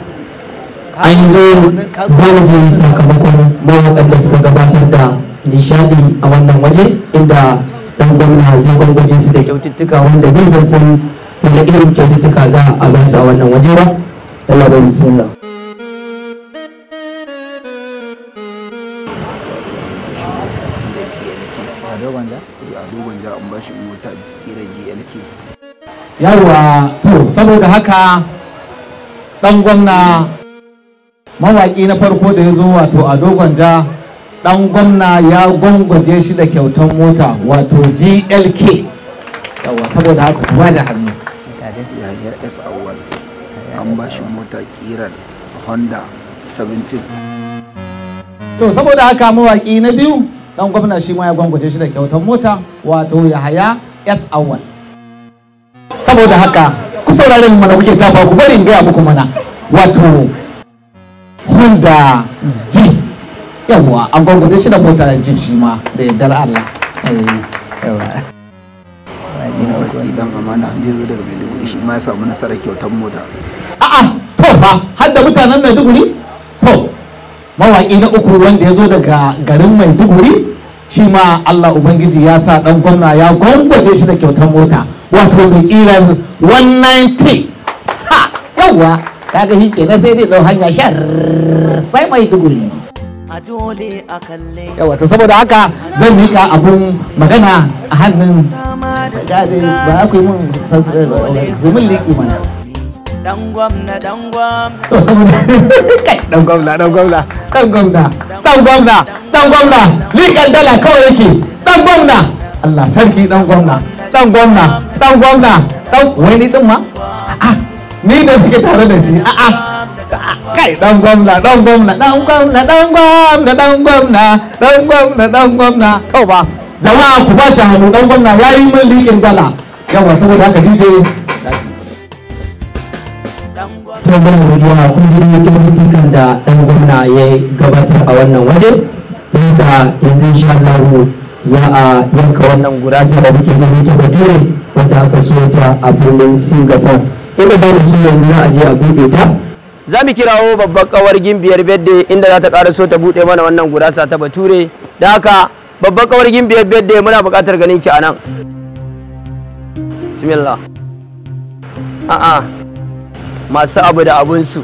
an zo zalajin sakamakon mawaƙar da suka gabatar da nishadi a wannan waje inda dan gwamna zai gwangwaje su da kyaututtuka wanda ni ban san wani irin kyaututtuka za a ba su a wannan waje ba Allah bai bismillah to saboda haka dan gwamna mawaƙi na farko da ya zo wato a dogon ja ɗan gwamna ya gwangwaje shi da kyautar mota wato glk yawa saboda haka kuma da hannu yahya s awal an ba shi mota kiran honda 17 to saboda haka mawaƙi na biyu ɗan gwamna shi ma ya gwangwaje shi da kyautar mota wato ya haya s awal saboda haka ku saurare mu mana kuke tafa ku bari in gaya muku mana wato honda jeep yawa an gwangwade shi da mota jeep shi ma da yardar allah eh, yawa idan amana an zo daga maiduguri shi ma ya samu nasarar kyautar mota a'a to fa har da mutanen maiduguri ko mawaƙi na uku wanda ya zo daga garin maiduguri shi ma allah ubangiji ya sa dan gwamna ya gwangwaje shi da kyautar mota wato da kiran 190 ha yawa kaga shi kenan sai dai ɗau hanya shar sai mai duguri yawa to saboda haka zan mika abun magana a hannun eh, ba ku yi mun domin liki mana dan gwamna dan gwamna kai dan gwamna dan gwamna dan gwamna dan gwamna dan gwamna likan dala kawai yake dan gwamna Allah sarki dan gwamna dan gwamna dan gwamna dan wai ni din ma a'a ni da suke tare da shi a'a kai dan gwamna dan gwamna dan gwamna dan gwamna dan gwamna dan gwamna dan gwamna kau ba jama'a ku ba shi hannu dan gwamna yayi min liƙin dala yawa saboda haka DJ da gama godiya kun ji kyaututtukan da ɗan gwamna ya gabatar a wannan waje Yadda yanzu insha Allah za a yanka wannan gurasa da muke gani ta bature wadda aka so ta a birnin Singapore inda ba mu yanzu za a je a buɗe ta za mu kirawo babbar kawar gimbiyar bedde inda za ta ƙara so ta buɗe mana wannan gurasa ta bature da haka babbar kawar gimbiyar bedde muna buƙatar ganin ki a nan a'a masu abu da abunsu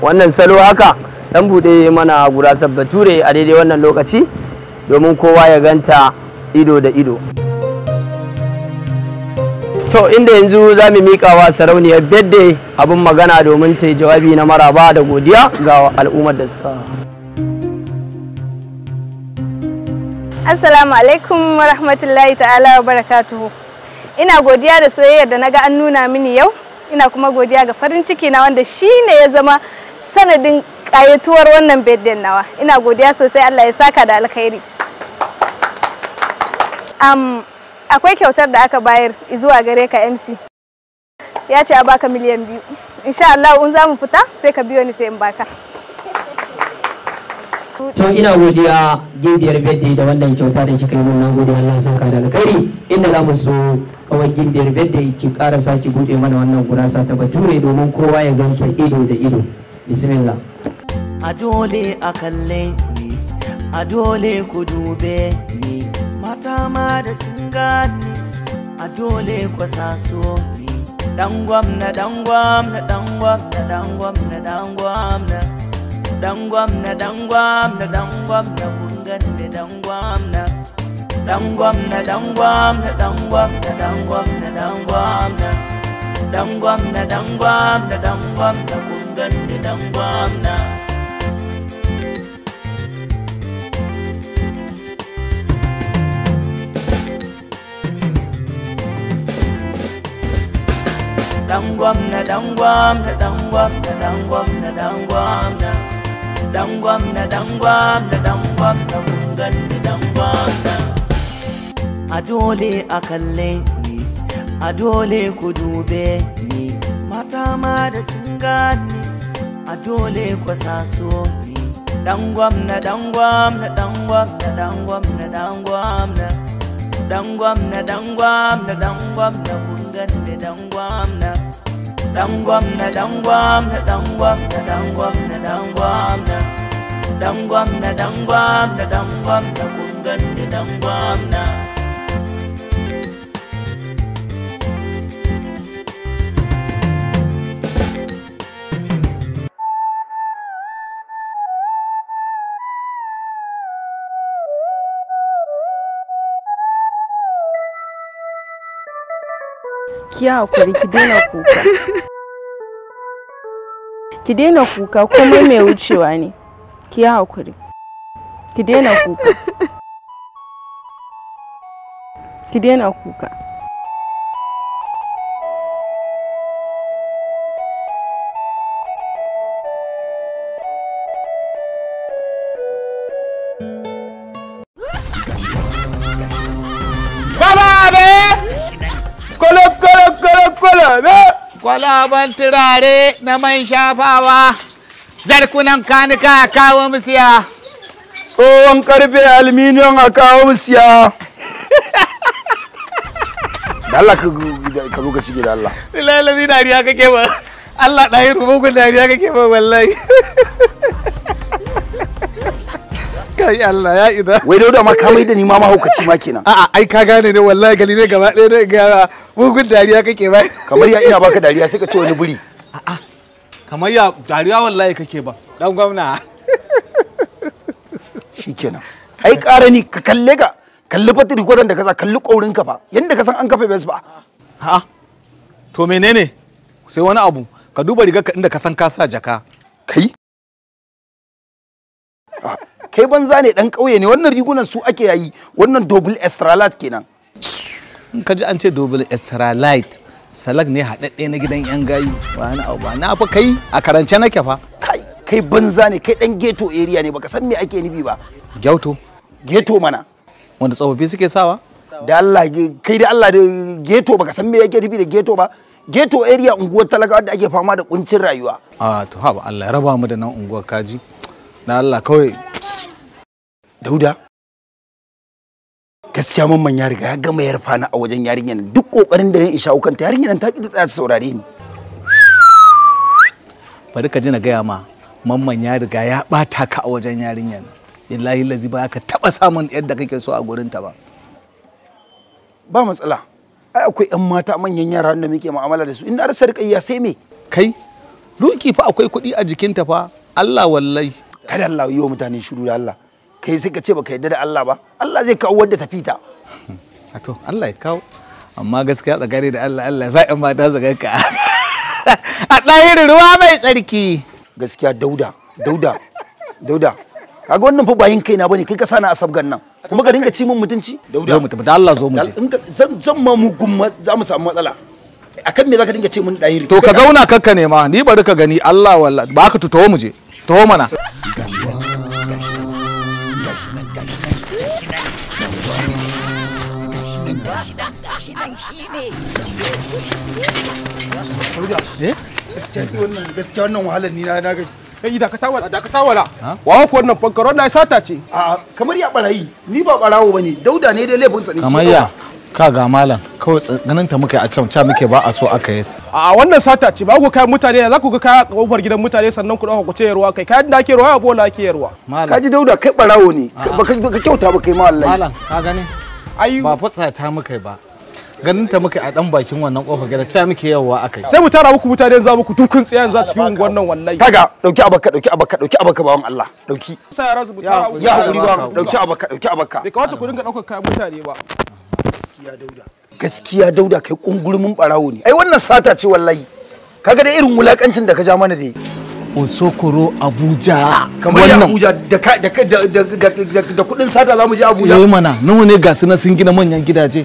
wannan salo haka dan buɗe mana gurasar bature a daidai wannan lokaci domin kowa ya ganta ido da ido. to inda yanzu za mu miƙa wa sarauniyar bedde abin magana domin ta yi jawabi na maraba da godiya ga al'ummar da suka assalamu alaikum wa rahmatullahi ta'ala wa barakatuhu ina godiya da soyayyar da naga an nuna mini yau ina kuma godiya ga farin ciki na wanda shine ya zama sanadin kayatuwar wannan bedden nawa ina godiya sosai Allah ya saka da alkhairi akwai kyautar da aka bayar zuwa gare ka MC ya ce a baka miliyan biyu insha Allah in za mu fita sai ka biyo ni sai in baka to ina godiya gimbiyar bedde da wannan kyauta da kika yi mun nan godiya Allah saka da alkhairi inda za mu so kawai gimbiyar bedde ki karasa ki bude mana wannan gurasa ta bature domin kowa ya ganta ido da ido bismillah a dole a kalle ni a dole ku dube ni mata ma da sun gani a dole kwasa so ne dan gwamna dan gwamna dan gwamna dan gwamna dan gwamna dan gwamna dan gwamna dan gwamna kun ganne dan gwamna dan gwamna dan gwamna dan gwamna dan gwamna dan gwamna dan gwamna dan gwamna dan gwamna kun ganne dan gwamna dangwam na dangwam na dangwam na dangwam na dangwam na dangwam na dangwam na dangwam na gungan na dangwam na a dole a kalle ni a dole ku dube ni mata ma da sun gane a dole ku saso ni dangwam na dangwam na dangwam na dangwam na dangwam na dangwam na dangwam na dangwam na gande dan gwamna dan gwamna dan gwamna dan gwamna dan gwamna dan gwamna dan gwamna dan gwamna dan gwamna kun gande dan gwamna ki hakuri ki daina kuka ki daina kuka komai mai wucewa ne ki hakuri ki daina kuka ki daina kuka kwalaban turare na man shafawa jarkunan kanika a kawo musiya tsohon karfe alminiyon a kawo musiya da Allah ka zo ka ci da Allah lalani dariya kake ba Allah ɗaya rubukun dariya kake ba wallahi kai Allah ya ida wai dauda ma kamar mai da ni ma mahaukaci ma kenan a'a ai ka gane ne wallahi gali ne gaba ɗaya ne mugun dariya kake ba kamar ya ina baka dariya sai ka ce wani buri a'a kamar ya dariya wallahi kake ba dan gwamna shikenan ai karani ka kalle ka kalli fatir gwadon da sa kalli kaurin ka fa yanda ka san an kafa bes ba a'a to menene sai wani abu ka duba rigar ka inda ka san ka sa jaka kai ah, kai banza ne dan kauye ne wannan rigunan su ake yayi wannan double extra large kenan in ka ji an ce double extra light salak ne haɗaɗɗe na gidan yan gayu ba na abu na fa kai a karance nake fa kai kai banza ne kai dan ghetto area ne baka san me ake nufi ba gyauto ghetto mana wanda tsofaffi suke sawa da Allah kai da Allah da ghetto baka san me ake nufi da ghetto ba ghetto area unguwar talaka da ake fama da kuncin rayuwa a to ha Allah ya raba mu da nan unguwar kaji na Allah kawai dauda gaskiya mamman ya riga ya gama yarfa na a wajen yarinyar nan duk kokarin da in shawo kanta yarinyar nan ta ki ta saurare ni bari ka ji na gaya ma mamman ya riga ya bata ka a wajen yarinyar nan billahi lazi ba ka taba samun yadda kake so a gurin ta ba ba matsala ai akwai yan mata manyan yara wanda muke mu'amala da su in na rasa riƙayya sai me kai ruki fa akwai kuɗi a jikinta fa Allah wallahi kada Allah yi wa mutane shiru da Allah kai sai ka ce baka yarda da Allah ba Allah zai kawo wadda tafi ta to Allah ya kawo amma gaskiya tsakani da Allah Allah za in mata zagar ka a ɗahirin ruwa mai tsarki gaskiya dauda dauda dauda kaga wannan fa bayin kaina bane kai ka sani a sabgan nan kuma ka dinga ci min mutunci dauda mu tafi da Allah zo mu je zan zan ma mu gumma za mu samu matsala akan me zaka dinga ce mun ɗahiri to ka zauna kakka ne ma ni bari ka gani Allah wallahi ba ka tutowo mu je taho mana gaskiya shidan wannan gaskiya na ga da ka tawala da ka tawala wa ko wannan fankar wannan sata ce a kamar ya barayi ni ba barawo bane dauda ne da laifin tsani kamar ya ka ga malam kawai ganin ta muka a can ca muke ba a so aka yi a wannan sata ce ba ku kayan mutane za ku ga kaya kofar gidan mutane sannan ku dauka ku ce ruwa kai kayan da ake ruwa a bola ake ruwa ka ji dauda kai barawo ne ba ka kyauta ba kai ma malam ka gane ba fatsa ta muka ba ganin ta muka a dan bakin wannan kofar gida ta muke yawa akai sai mu tara muku mutane za muku dukun tsayan za cikin wannan wallahi kaga dauki abaka dauki abaka dauki abaka bawon Allah dauki sai yaran su mutara ya hakuri ba dauki abaka dauki abaka bai kawata ku dinga daukar kayan mutane ba gaskiya dauda gaskiya dauda kai kungurumin barawo ne ai wannan sata ce wallahi kaga da irin wulakancin da ka ja mana dai osokoro abuja kamar ya abuja da kudin sada za mu je abuja yi eh, mana nawa ne gasu na sun gina manyan gidaje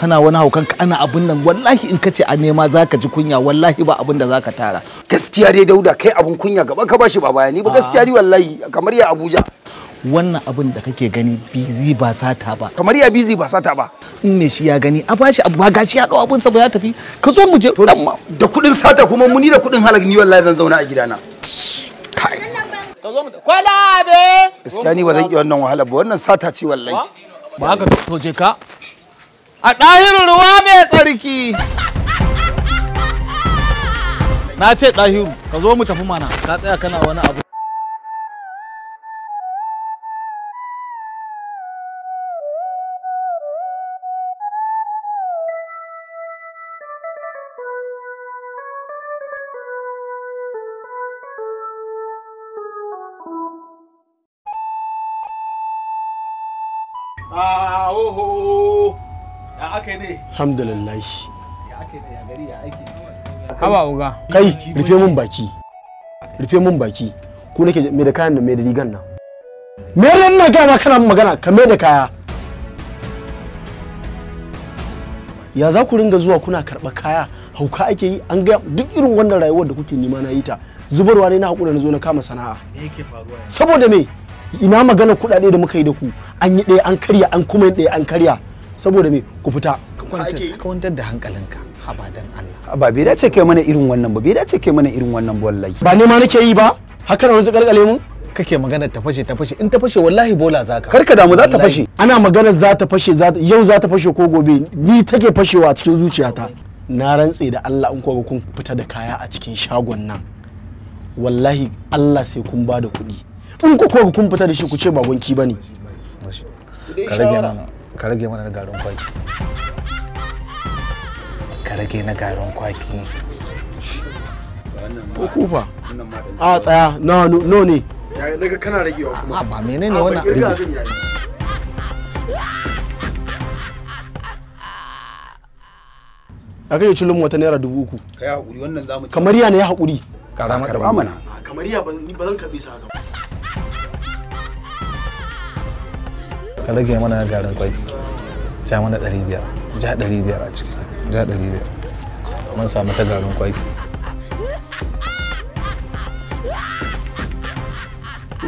kana wani haukan ka ana abun nan wallahi in ka ce a nema za ka ji kunya wallahi ba abun da za ka tara gaskiya dai dauda kai abun kunya gaba ka bashi ba bayani ba ah. gaskiya dai wallahi kamar ya abuja wannan abin da kake gani bizi ba sata ba kamar ya bizi ba sata ba in ne shi ya gani a bashi abu ba gashi ya dau abin sa ba ya tafi ka zo mu je dan ma da kudin sata kuma muni da kudin halak ni wallahi zan zauna a gidana kai ka zo mu kwala be iskani ba zan ki wannan wahala ba wannan sata ce wallahi ba haka to je ka a dahir ruwa mai tsarki na ce ɗahiru ka zo mu tafi mana ka tsaya kana wani abu alhamdulillah haba uga kai rufe mun baki rufe mun baki ku nake mai da kayan nan mai da rigan nan me ran na ga kana magana ka mai da kaya ya za ku ringa zuwa kuna karba kaya hauka ake yi an ga duk irin wannan rayuwar da kuke nima na yi ta zubarwa ne na hakura na zo na kama sana'a saboda me ina magana kuɗaɗe da muka yi da ku an yi ɗaya an karya an kuma yi ɗaya an karya saboda me ku fita kwantar da hankalinka abadan Allah ba bai dace kai mana irin wannan ba bai dace kai mana irin wannan ba wallahi ba ne ma nake yi ba haka na wani kalkale mu kake magana ta fashe ta fashe in ta fashe wallahi bola zaka karka damu za ta fashe ana magana za ta fashe yau za ta fashe ko gobe ni take fashewa cikin zuciyata na rantse da Allah in ko kun fita da kaya a cikin shagon nan wallahi Allah sai kun ba da kuɗi in ko kuma kun fita da shi ku ce ba gonki bane ka rage mana ka rage mana garin kwaki ka rage na garin kwaki kufa a tsaya no no ne daga kana rage wa kuma ba menene wannan a kai cilin wata naira dubu uku kamar ya ne ya haƙuri karama da ba mana kamar ya ba zan karbi sa haka ka rage mana garin kwaki ja mana ɗari biyar ja ɗari biyar a ciki ja ɗari biyar mun samu ta garin kwai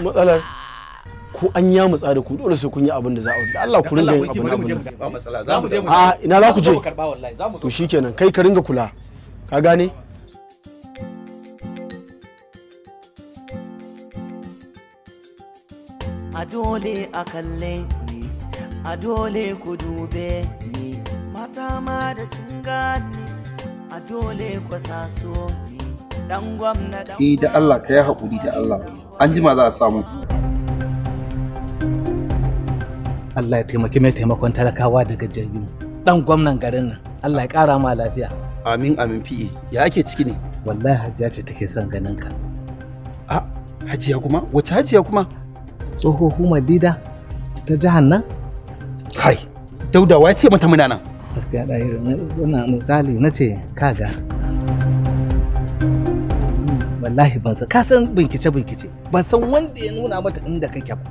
matsalar ko an ya mutsa da ku dole sai kun yi abin da za a da Allah ku ringa yin abin da abin a ina za ku je to shikenan kai ka ringa kula ka gane a dole a kalle ni a dole ku dube ni mata ma da sun gani a dole kwasa so dan dan eh da Allah ka yi hakuri da Allah an jima za a samu Allah ya taimaki mai taimakon talakawa daga jirgin dan gwamnan garin nan Allah ya ƙara ma lafiya amin amin fi'e ya ake ciki ne wallahi hajiya ce take son ganin ka a hajiya kuma wace hajiya kuma tsoho hukumar lida ta jihar nan kai daudawa ya ce mata muna nan gaskiya ɗahiru wannan misali na ce kaga wallahi ban san ka san bincike bincike ban san wanda ya nuna mata inda kake ba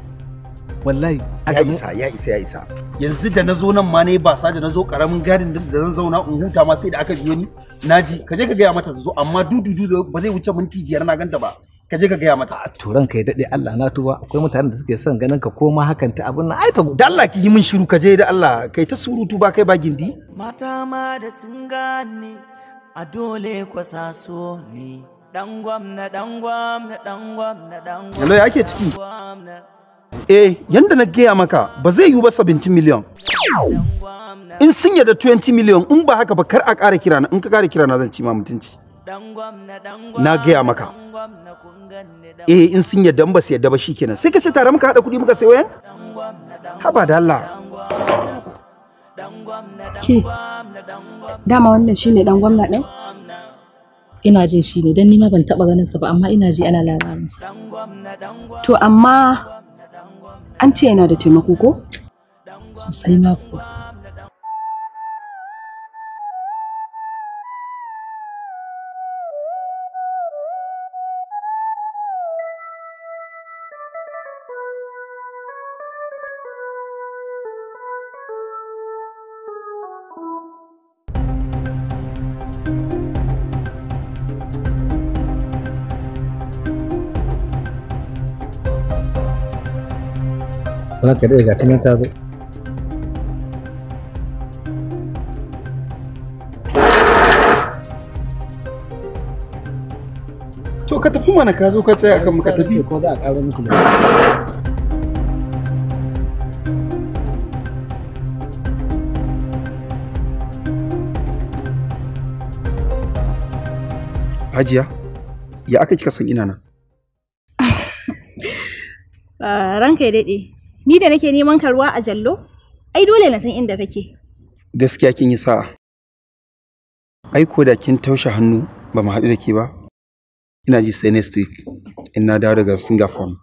wallahi ya isa ya isa ya isa yanzu da na zo nan ma ne ba sa da na zo karamin gadin da zan zauna in huta ma sai da aka biyo ni naji ka je ka gaya mata zo amma dudu dudu ba zai wuce minti biyar na ganta ba ka je ka gaya mata turan ka ya dade Allah na tuba akwai mutanen da suke son ganin ka koma hakan ta abin nan ai ta da Allah ki yi min shiru ka je da Allah kai ta surutu ba kai ba gindi mata ma da sun gane a dole kwasaso ni dan gwamna dan gwamna dan gwamna dan gwamna ya yake ciki eh yanda na gaya maka ba zai yiwu ba 70 million in sun da 20 million in ba haka ba kar a ƙara kirana in ka ƙara kirana zan ci ma mutunci na gaya maka eh in sun yadda ba su yadda ba shi kenan sai ka ce tare muka hada kuɗi muka sai wayan eh? haba da Allah ke dama wannan shine dan gwamna din ina jin shi ne don nima ban taba ganin sa ba amma ina ji ana sa. to amma an ce yana da taimako ko sosai ma kuwa ranka da ga tunan ta zo to ka tafi mana ka zo ka tsaya akan muka tafi ko za a ƙaro muku Hajiya, ya aka kika san ina nan? Ah, ranka ya daɗe, Ni da nake neman karuwa a jallo? Ai dole na san inda take. Gaskiya kin yi sa'a. Ai ko da kin taushe hannu ba mu haɗu da ke ba? Ina ji sai next week in na dawo daga Singapore.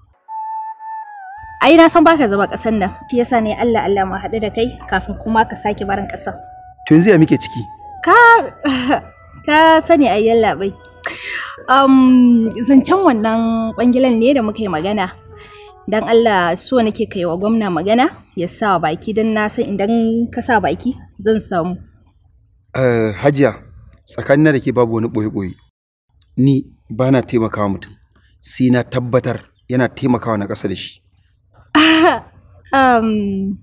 Ai na san baka zama ƙasan nan, shi yasa ne Allah Allah mu haɗu da kai kafin kuma ka sake barin ƙasar. To yanzu ya muke ciki? Ka ka sani ai bai Um, zancen wannan bangilan ne da muka yi magana dan Allah so nake kai wa gwamna magana ya sa baki dan na san idan ka sa baki zan samu eh, hajiya tsakanin da ke babu wani ɓoye-ɓoye ni ba na taimakawa mutum sai na tabbatar yana taimakawa na ƙasa da shi um,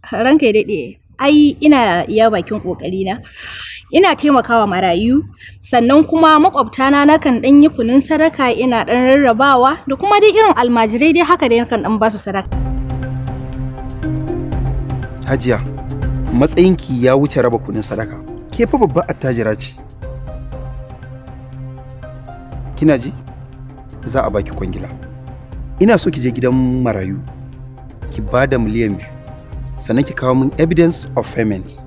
ranka ya daɗe ai ina iya bakin na. ina taimakawa marayu sannan kuma makwabtana nakan ɗan yi kunun sadaka ina ɗan rarrabawa da kuma dai irin almajirai dai haka dai nakan ɗan basu sadaka. Hajiya, matsayinki ya wuce raba kunun sadaka. Ke fa babban attajira ce. Kina ji? Za a baki kwangila. Ina so ki je gidan marayu. Ki bada miliyan biyu. Sannan ki kawo min evidence of payment.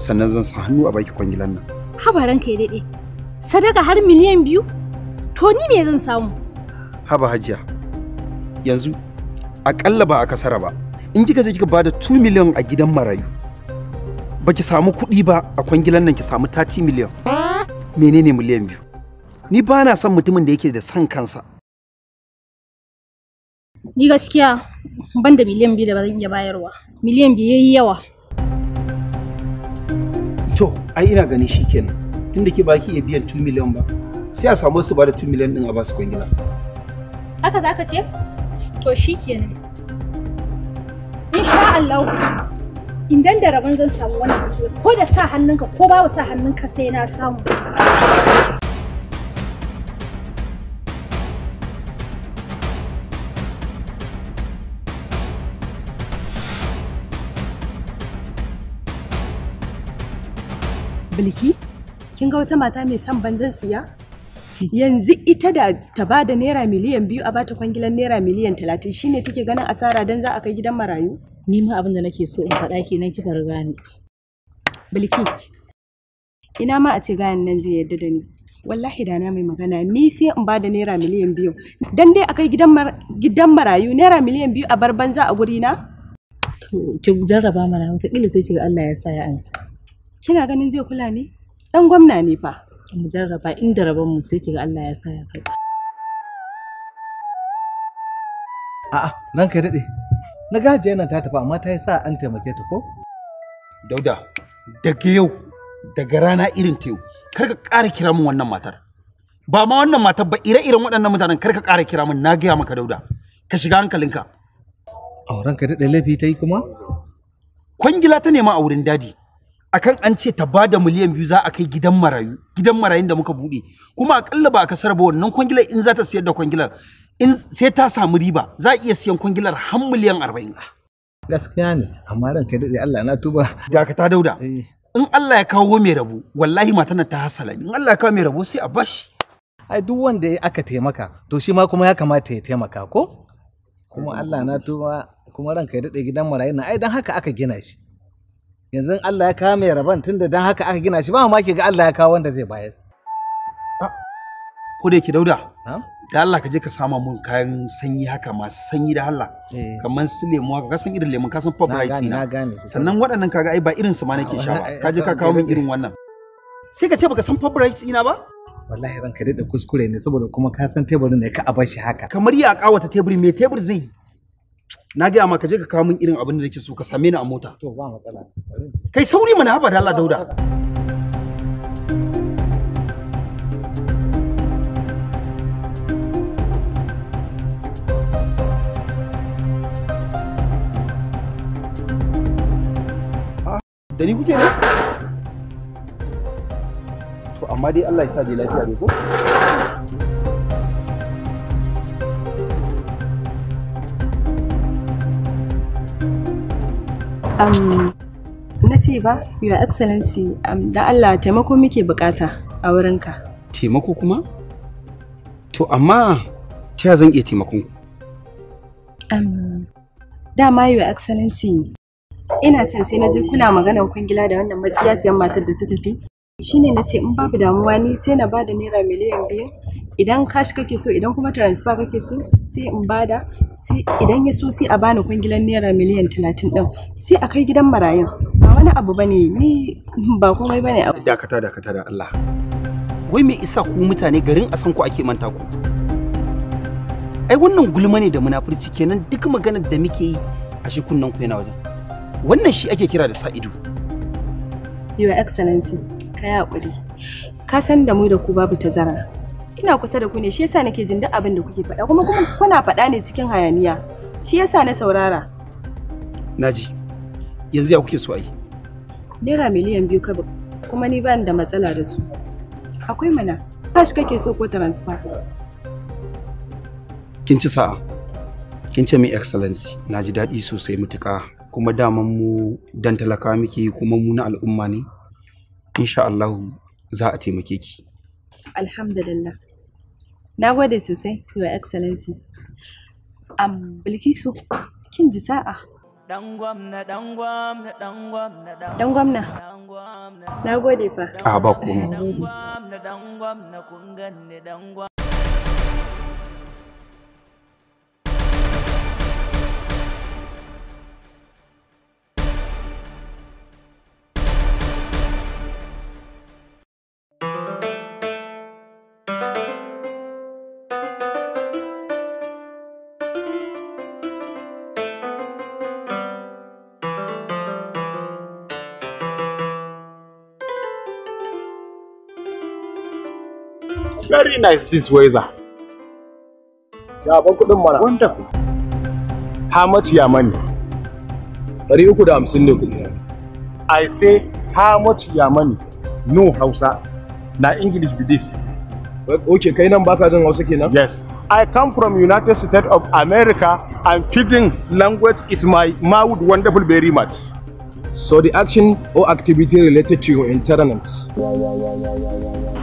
sannan zan sa hannu a baki kwangilan nan haba ranka ya daɗe sadaka har miliyan biyu to ni me zan samu haba hajiya yanzu akalla ba a kasara ba in kika je kika bada 2 miliyan a gidan marayu baki samu kuɗi ba a kwangilan nan ki samu 30 miliyan menene miliyan biyu ni ba na son mutumin da yake da san kansa ni gaskiya ban da miliyan biyu da ba zan iya bayarwa miliyan biyu yayi yawa to ai ina ganin shi kenan tunda ke baki iya biyan 2 million ba sai a samu su ba da 2 million din a basu kwangila haka za ka ce to shi kenan insha Allah idan da rabon zan samu wannan ko da sa hannunka ko babu sa hannunka sai na samu bilki kin ga wata mata mai son banzan siya yanzu ita da ta bada naira miliyan biyu a bata kwangilan naira miliyan talatin shine take ganin asara dan za a kai gidan marayu ni ma abin da nake so in faɗa nan kika riga ni bilki ina ma a ce gayan nan zai yadda da ni wallahi da na mai magana ni sai in bada naira miliyan biyu dan dai akai gidan gidan marayu naira miliyan biyu a bar banza a guri na to ki jarraba mana wata sai shiga Allah ya sa ya ansa Kina ganin zai kula ne? Dan gwamna ne fa. Mu jarraba inda rabon mu sai kiga Allah ya sa ya karba. A'a, nan kai dade. Na gaje yana ta tafi amma ta yi sa an taimake ta ko? Dauda, daga yau daga rana irin ta yau kar ka ƙara kira min wannan matar. Ba ma wannan matar ba ire-iren waɗannan mutanen kar ka ƙara kira min na gaya maka Dauda. Ka shiga hankalinka. Auren ranka daɗe laifi ta yi kuma? Kwangila ta nema a wurin dadi. akan an ce ta bada miliyan biyu za a kai gidan marayu gidan marayun da muka buɗe kuma akalla ba a kasar ba wannan kwangilar in za ta siyar da kwangilar in sai ta samu riba za a iya siyan kwangilar har miliyan arba'in gaskiya ne amma ran kai daɗe Allah na tuba ta dauda eh. in Allah ya kawo mai rabo wallahi matan ta hasala in Allah ya kawo mai rabo sai a bashi ai duk wanda aka taimaka to shi ma kuma ya kamata ya taimaka ko kuma Allah na tuba kuma ran kai daɗe gidan marayun na ai dan haka aka gina shi yanzu Allah ya kawo mai rabon tun da haka aka gina shi ba ma ki ga Allah ya kawo wanda zai bayar ah, ko da yake dauda da Allah ka je ka sama mun kayan sanyi haka masu sanyi da Allah eh. kamar su lemu haka ka san irin lemun ka san pop right na sannan waɗannan kaga ai ba irin su ma nake sha ba ka je ka kawo min irin wannan sai ka ce baka san pop right ina ba wallahi ranka daɗa kuskure ne saboda kuma ka san teburin ne ka a bashi haka kamar ya kawata teburi me tebur zai yi. na gaya maka je ka kawo min irin abin da nake so ka same ni a mota to ba matsala kai sauri mana haba da Allah dauda da ni kuke ne to amma dai Allah ya sa je lafiya ne ko Um, na ce ba, Your Excellency, um, da Allah taimako muke bukata a wurinka. Taimako kuma? To amma ta zan iya taimakon ku? Um, dama Your Excellency, ina can sai na je kuna maganar kwangila da wannan matsiya matsiyaciyar matar da ta tafi shine na ce in babu damuwa ni sai na bada naira miliyan biyu idan cash kake so idan kuma transfer kake so sai in bada sai idan ya so sai a bani kwangilan naira miliyan talatin din sai a kai gidan marayun ba wani abu bane ni ba komai bane abu dakata dakata da Allah wai me isa ku mutane garin a san ku ake manta ku ai wannan gulma ne da munafurci kenan duk maganar da muke yi a shi kunnan ku yana wajen wannan shi ake kira da sa'idu. your excellency ka yi haƙuri ka san da mu da ku babu tazara ina kusa da ku ne shi yasa nake jin duk abin da kuke faɗa kuma kuma kuna faɗa ne cikin hayaniya shi yasa na saurara naji yanzu ya kuke so ai naira miliyan biyu ka kuma ni bani da matsala da su akwai mana kashi kake so ko transfer kin ci sa'a kin ce min excellency na ji daɗi sosai mutuka kuma daman mu dan talaka miki kuma mu na al'umma ne insha Allah za a taimake ki alhamdulillah na gode sosai your excellency am bilkisu kin ji sa'a dan gwamna dan gwamna dan gwamna dan gwamna na gode fa a ba komai dan gwamna dan gwamna kun ganne dan gwamna Very nice this weather. Ya ban kuɗin mana. Wonderful. How much ya money? Ɗari uku da hamsin ne kuɗi. I say how much ya money? No Hausa. Na English be this. Okay, kai nan baka jin Hausa kenan? Yes. I come from United States of America and pidgin language is my mouth wonderful very much. So the action or activity related to your internet.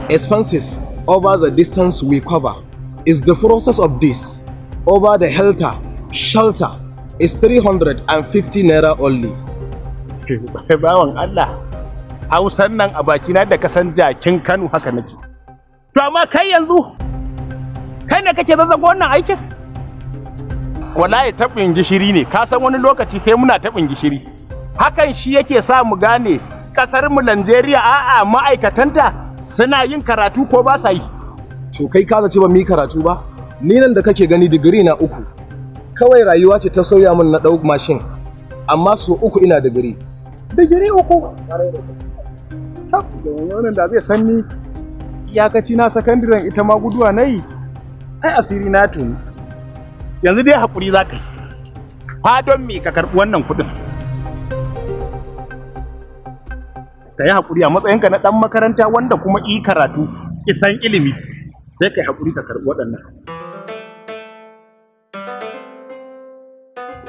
Expenses over the distance we cover is the process of this over the helter shelter is 350 naira only. Bawan Allah, hausan nan a bakina da kasan jakin Kano haka nake. To amma kai yanzu, kai ne kake zazzago wannan aikin? Wallahi taɓin gishiri ne, ka san wani lokaci sai muna taɓin gishiri. hakan shi yake sa mu gane kasar mu Najeriya a'a ma'aikatanta suna yin karatu ko ba sa yi to kai ka ce ba mu yi karatu ba ni nan da kake gani digiri na uku kawai rayuwa ce ta sauya min na ɗau mashin amma su uku ina digiri digiri uku wannan da zai san ni iyakaci na sakandiren ita ma guduwa na yi ai asiri na tuni yanzu dai hakuri za ka yi fadon me ka karɓi wannan kuɗin ka yi haƙuri a matsayinka na ɗan makaranta wanda kuma yi karatu isan ilimi sai ka yi haƙuri ka karɓi waɗannan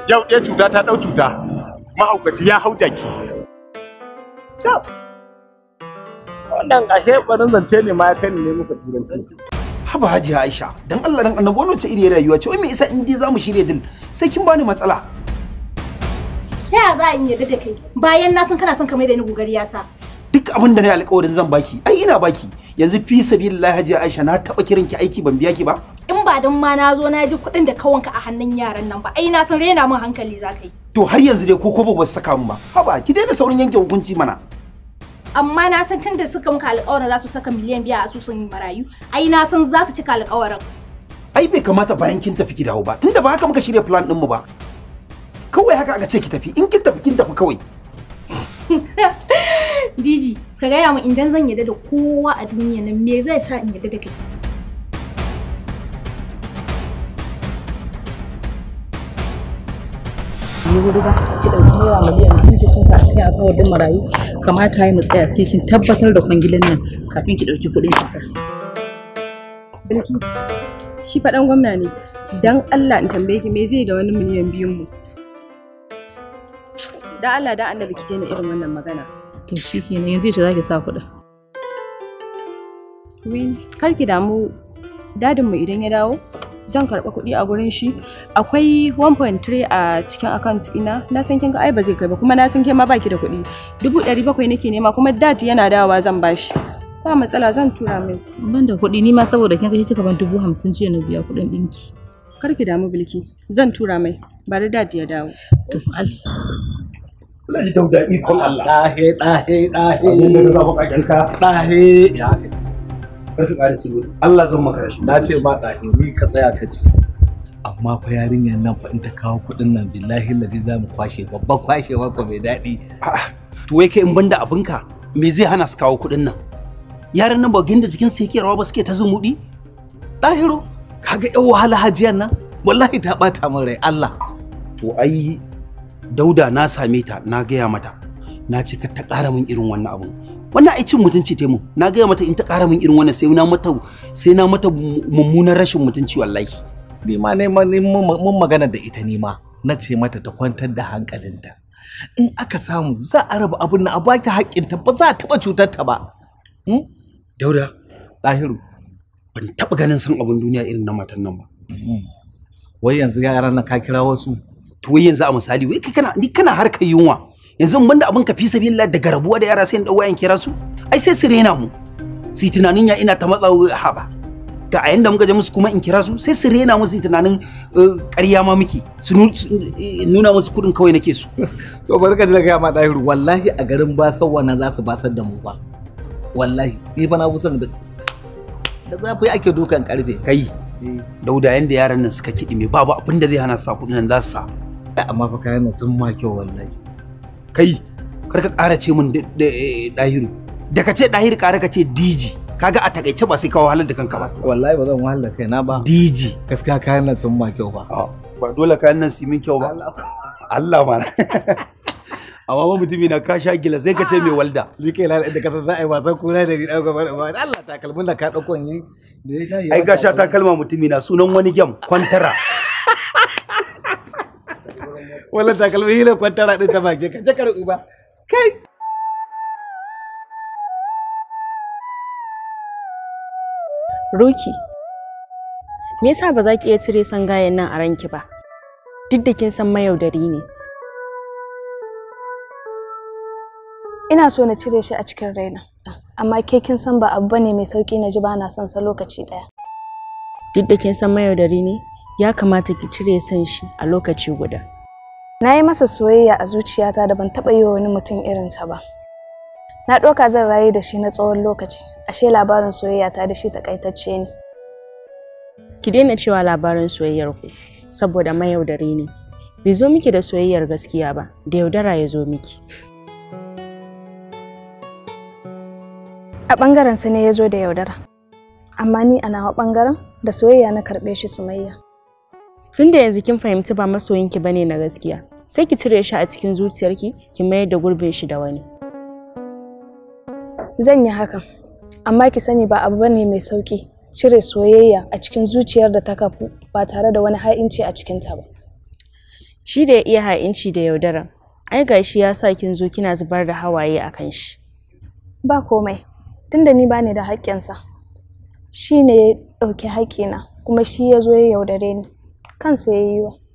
yau ɗaya cuta ta ɗau cuta mahaukaci ya hau jaki wannan ashe ɓarin zance ne ma ya kai ne muka turanci haba haji aisha don allah dan annabi wannan iri iriyar rayuwa ce wai mai isa in dai mu shirya din sai kin bani matsala ta ya za yi yadda da kai bayan na san kana son ka mai da ni gugar yasa duk abin da na alƙawarin zan baki ai ina baki yanzu fi sabilillahi hajiya Aisha na taba kiran ki aiki ban biya ki ba in ba dan ma na zo na ji kuɗin da kawanka a hannun yaran nan ba ai na san rena min hankali za ka yi to har yanzu dai ko ko ba saka min ba haba ki daina saurin yanke hukunci mana amma na san tunda suka muka alƙawarin za su saka miliyan biya a asusun marayu ai na san za su cika alƙawarin ai bai kamata bayan kin tafi ki ba tunda ba haka muka shirya plan din mu ba kawai haka aka ce ki tafi in kin tafi kin tafi kawai Diji, ka gaya mu idan zan yarda da kowa a duniya nan me zai sa in yarda da kai? Ni gudu ba, ki ɗauki naira a cikin marayu. Kamata ya mu tsaya sai kin tabbatar da kwangilan nan kafin ki ɗauki kuɗin ki sa. Bilki, shi faɗan gwamna ne. Dan Allah in tambaye ki me zai da wani miliyan biyun mu? da Allah da Allah biki daina irin wannan magana to kenan yanzu yaushe zaki sa kuɗin wi kar ki damu dadin mu idan ya dawo zan karɓa kuɗi a gurin shi akwai 1.3 a cikin account ina na san kin ga ai ba zai kai ba kuma na san ke ma baki da kuɗi dubu ɗari bakwai nake nema kuma dad yana dawowa zan bashi ba matsala zan tura mai ban da kuɗi ni ma saboda kin ga kika ban dubu hamsin jiya na biya kuɗin ɗinki kar ki damu bilki zan tura mai bari dad ya dawo to Alhaji Dauda ikon Allah. Ɗahe ɗahe ɗahe. Abin da na zaɓa ƙaƙarka. Ɗahe. Ya kai. Kasu ƙari su Allah zan maka rashin. Na ce ba ɗahe ni ka tsaya ka ji. Amma fa yarinyar nan fa in ta kawo kuɗin nan billahi lazi za mu kwashe babba kwashewa ko mai daɗi. A'a to wai kai in banda abinka me zai hana su kawo kuɗin nan? Yaran nan ba da jikin su yake rawa ba suke ta zumuɗi? Ɗahiro kaga yan wahala hajiyar nan wallahi ta ɓata min rai Allah. To ai dauda na same ta na gaya mata na ce ka ta ƙara min irin wannan abun wannan ai cin mutunci te mu na gaya mata in ta ƙara min irin wannan sai na mata sai na mata mummunan rashin mutunci wallahi ni ma ne ma mun magana da ita ne ma na ce mata ta kwantar da hankalinta in aka samu za a raba abun na a baki ta ba za a taɓa cutar ta ba hmm? dauda lahiru ban taɓa ganin san abun duniya irin na matan nan ba hmm. wai yanzu yaran nan ka kira wasu to yanzu a misali wai kai kana ni kana harkar yunwa yanzu mun da abin ka fi sabilillah da garabuwa da yara sai dan wayan kira su ai sai su rena mu su tunanin ya ina ta matsa ba ga a yanda muka je musu kuma in kira su sai su rena musu tunanin eh, ƙarya ma muke su eh, nuna musu kuɗin kawai nake su to bari ka ji daga ma dahiru wallahi a garin basar na za su basar da mu ba wallahi ni fa na kusan da da zafi ake dukan karfe kai eh. dauda yanda yaran nan suka kidi me babu abin da zai hana sa kuɗin nan za su sa hatta amma fa kayan nan sun ma kyau wallahi kai kar ka ƙara ce min dahiru da ka ce dahiru ƙara ka ce diji kaga a takaice ba sai ka wahalar da kanka ba wallahi ba zan wahalar da kaina ba diji gaskiya kayan nan sun ma kyau ba ba dole kayan nan su min kyau ba Allah ma amma ba mutumi na ka sha gila sai ka ce mai walda ah, ni kai lalai da kasar za a yi wasan kuna da ni da ba Allah takalmin da ka dauko ni ai ga sha takalma mutumi na sunan wani gyam kwantara wala takalmi hila kwantara din ta bake ka je ka ba kai Roki me yasa ba za ki iya cire sangayen nan a ranki ba duk da kin san mayaudari ne ina so na cire shi a cikin raina amma ke kin san ba abu ne mai sauki na ji ba na son sa lokaci daya duk da kin san mayaudari ne ya kamata ki cire san shi a lokaci guda Na yi masa soyayya a zuciyata da ban taɓa yi wani mutum irin irinsa ba. Na ɗauka zan raye da shi na tsawon lokaci, ashe labarin soyayyata da shi takaitacce ne. Ki daina cewa labarin soyayyar ku, saboda mayaudari ne. Bai zo miki da soyayyar gaskiya ba, da yaudara ya zo miki. A ɓangarensa ne ya zo da yaudara, amma ni a nawa ɓangaren da soyayya na karɓe shi sumayya. tun da yanzu kin fahimci ba masoyinki bane na gaskiya sai ki cire shi a cikin zuciyarki ki mayar da gurbin shi da wani zan yi hakan amma ki sani ba abu bane mai sauki cire soyayya a cikin zuciyar da ta kafu ba tare da wani ha'inci a cikinta ba shi da ya iya ha'inci da yaudara ai gashi ya sa kin zo kina zubar da hawaye a kan shi ba komai tunda ni bane da haƙƙinsa shi ne ya ɗauki haƙƙina kuma shi ya zo ya yaudare ni 看谁有。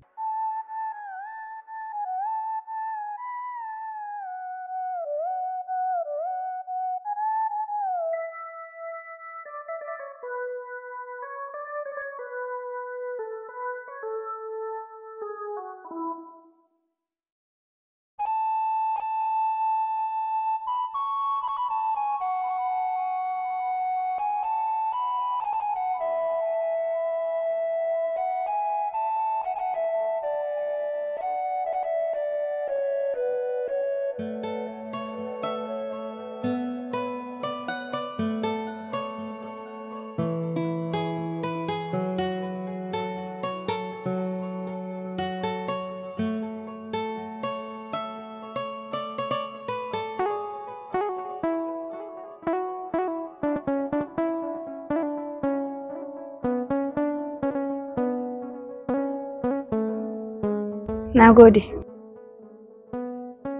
gode.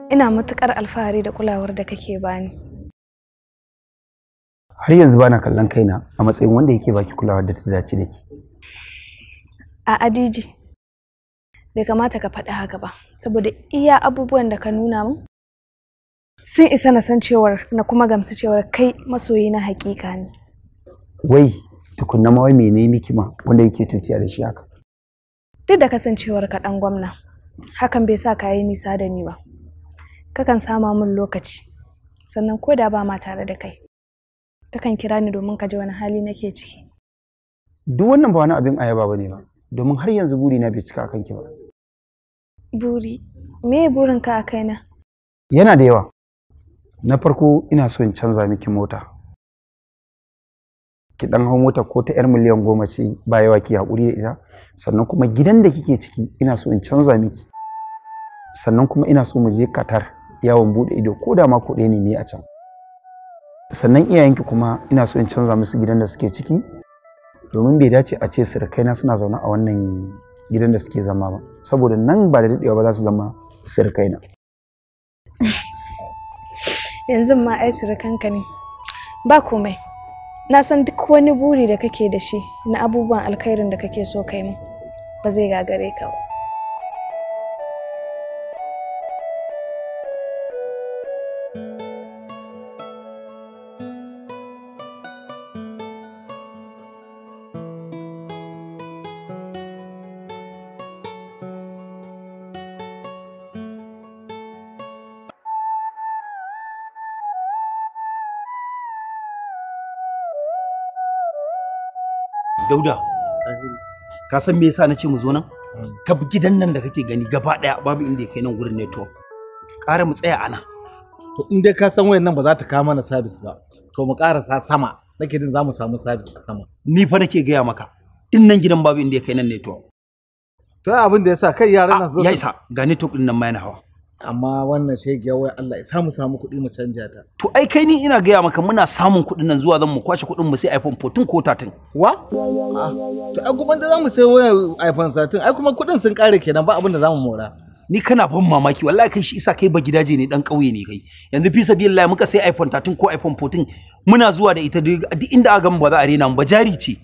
Ina matuƙar alfahari da kulawar da kake bani. Har yanzu bana kallon kaina a matsayin wanda yake baki kulawar da ta dace da ke. A Adiji, bai kamata ka faɗi haka ba, saboda iya abubuwan da ka nuna min sun isa na san cewar na kuma gamsu cewar kai masoyi na hakika ne. Wai, tukunna ma wai mene miki ma wanda yake tutiya da shi haka? Duk da kasancewar ka ɗan gwamna, hakan bai sa ka yi nisa da ni ba kakan sama min lokaci sannan ko da ba ma tare da kai takan kira ni domin ka ji wani hali nake ciki duk wannan ba wani abin ayaba ba ne ba domin har yanzu buri na bai cika akan ki ba buri me burin ka a kaina yana da yawa na farko ina so in canza miki mota ki dan hau mota ko ta yar miliyan goma ce ba yawa ki haƙuri da ita sannan kuma gidan da kike ciki ina so in canza miki sannan kuma ina so mu je katar yawon bude ido ko da mako ɗaya ne mu a can sannan iyayenki kuma ina so in canza musu gidan da suke ciki domin bai dace a ce kaina suna zaune a wannan gidan da suke zama ba saboda nan ba da daɗewa ba za su zama kaina. yanzu ma ai surukanka ne ba komai na san duk wani buri da kake da shi na abubuwan alkhairin da kake so kai mu मज़ेगा करे खाओ Duda. ka san me yasa na ce mu zo nan hmm. ka gidan nan da kake gani gaba daya babu inda kai nan gurin network ƙara mu tsaya ana to in dai ka san wayan nan ba za ta kawo mana service ba to mu ƙarasa sama nake din za mu samu service a sama ni fa nake gaya maka in nan gidan babu inda kai nan network to abin da yasa kai yaran nan ah, zo ya isa ga network din nan ma yana hawa amma wannan ga wai Allah ya samu samu kuɗi mu canja ta to ai kai ni ina gaya maka muna samun kuɗin nan zuwa zan mu kwashe kuɗin mu sai iPhone 14 ko 13 wa ah, to ai kuma da zamu sai wayar iPhone 13 ai kuma kuɗin sun kare kenan ba abin da zamu mora ni kana ban mamaki wallahi kai shi isa kai ba gidaje ne dan ƙauye ne kai yanzu fi sabilillahi muka sai iPhone 13 ko iPhone 14 muna zuwa da ita duk inda aka ba za a rena mu ba jari ce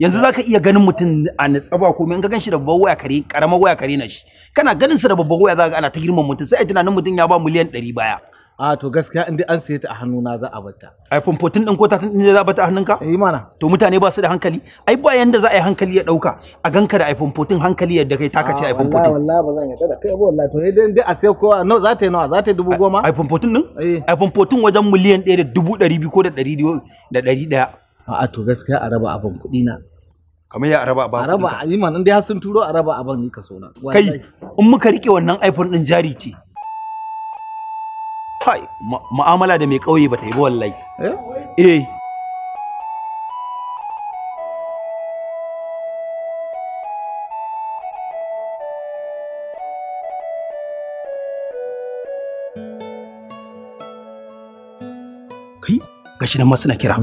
yanzu zaka iya ganin mutum a natsaba ba komai in ka ganshi da babbar waya kare karamar waya kare na shi kana ganin su da babban waya za ga ana ta girman mutum sai a tunanin mutum ya ba miliyan 100 baya a to gaskiya in dai an saye ta a hannu na za a bata iphone 14 din ko ta tun za a bata a hannunka eh mana to mutane ba su da hankali ai ba yanda za a yi hankali ya dauka a ganka da iphone 14 hankali yadda kai taka ce ah, iphone 14 wallahi ba zan yi tada kai ba wallahi to eh, dai dai a saye kowa no za ta yi nawa za ta yi dubu goma iphone 14 din eh. iphone 14 wajen miliyan 1 da dubu 200 ko da 100 da 100 a to gaskiya a raba abin kuɗi na kamar ya araba ba araba azima nan dai har sun turo araba a ban ni kaso kai in muka rike wannan iPhone din jari ce kai mu'amala da mai kauye ta yi ba wallahi eh? eh Kai, gashi nan ma suna kira.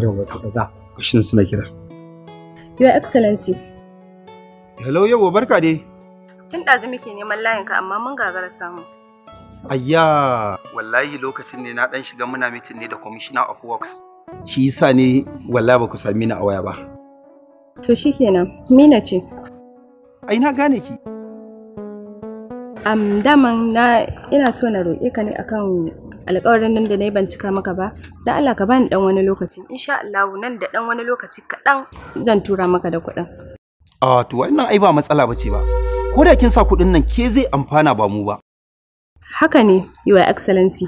Gashi nan suna kira. Your Excellency. Hello yawa barka dai. Tun ɗazu muke neman layinka amma mun gagara samu. Ayya, wallahi lokacin ne na ɗan shiga muna mitin ne da Commissioner of Works. Shi yasa ne wallahi ba ku sami ni a waya ba. To shikenan, Mina ce. Ai na gane ki. Am daman na ina so na roƙe ka ne akan alƙawarin nan da na yi ban cika maka ba da Allah ka bani dan wani lokaci insha Allah nan da dan wani lokaci kaɗan zan tura maka da kuɗin. a to wannan ai ba matsala ba ce ba ko da kin sa kuɗin nan ke zai amfana ba mu ba. haka ne your excellency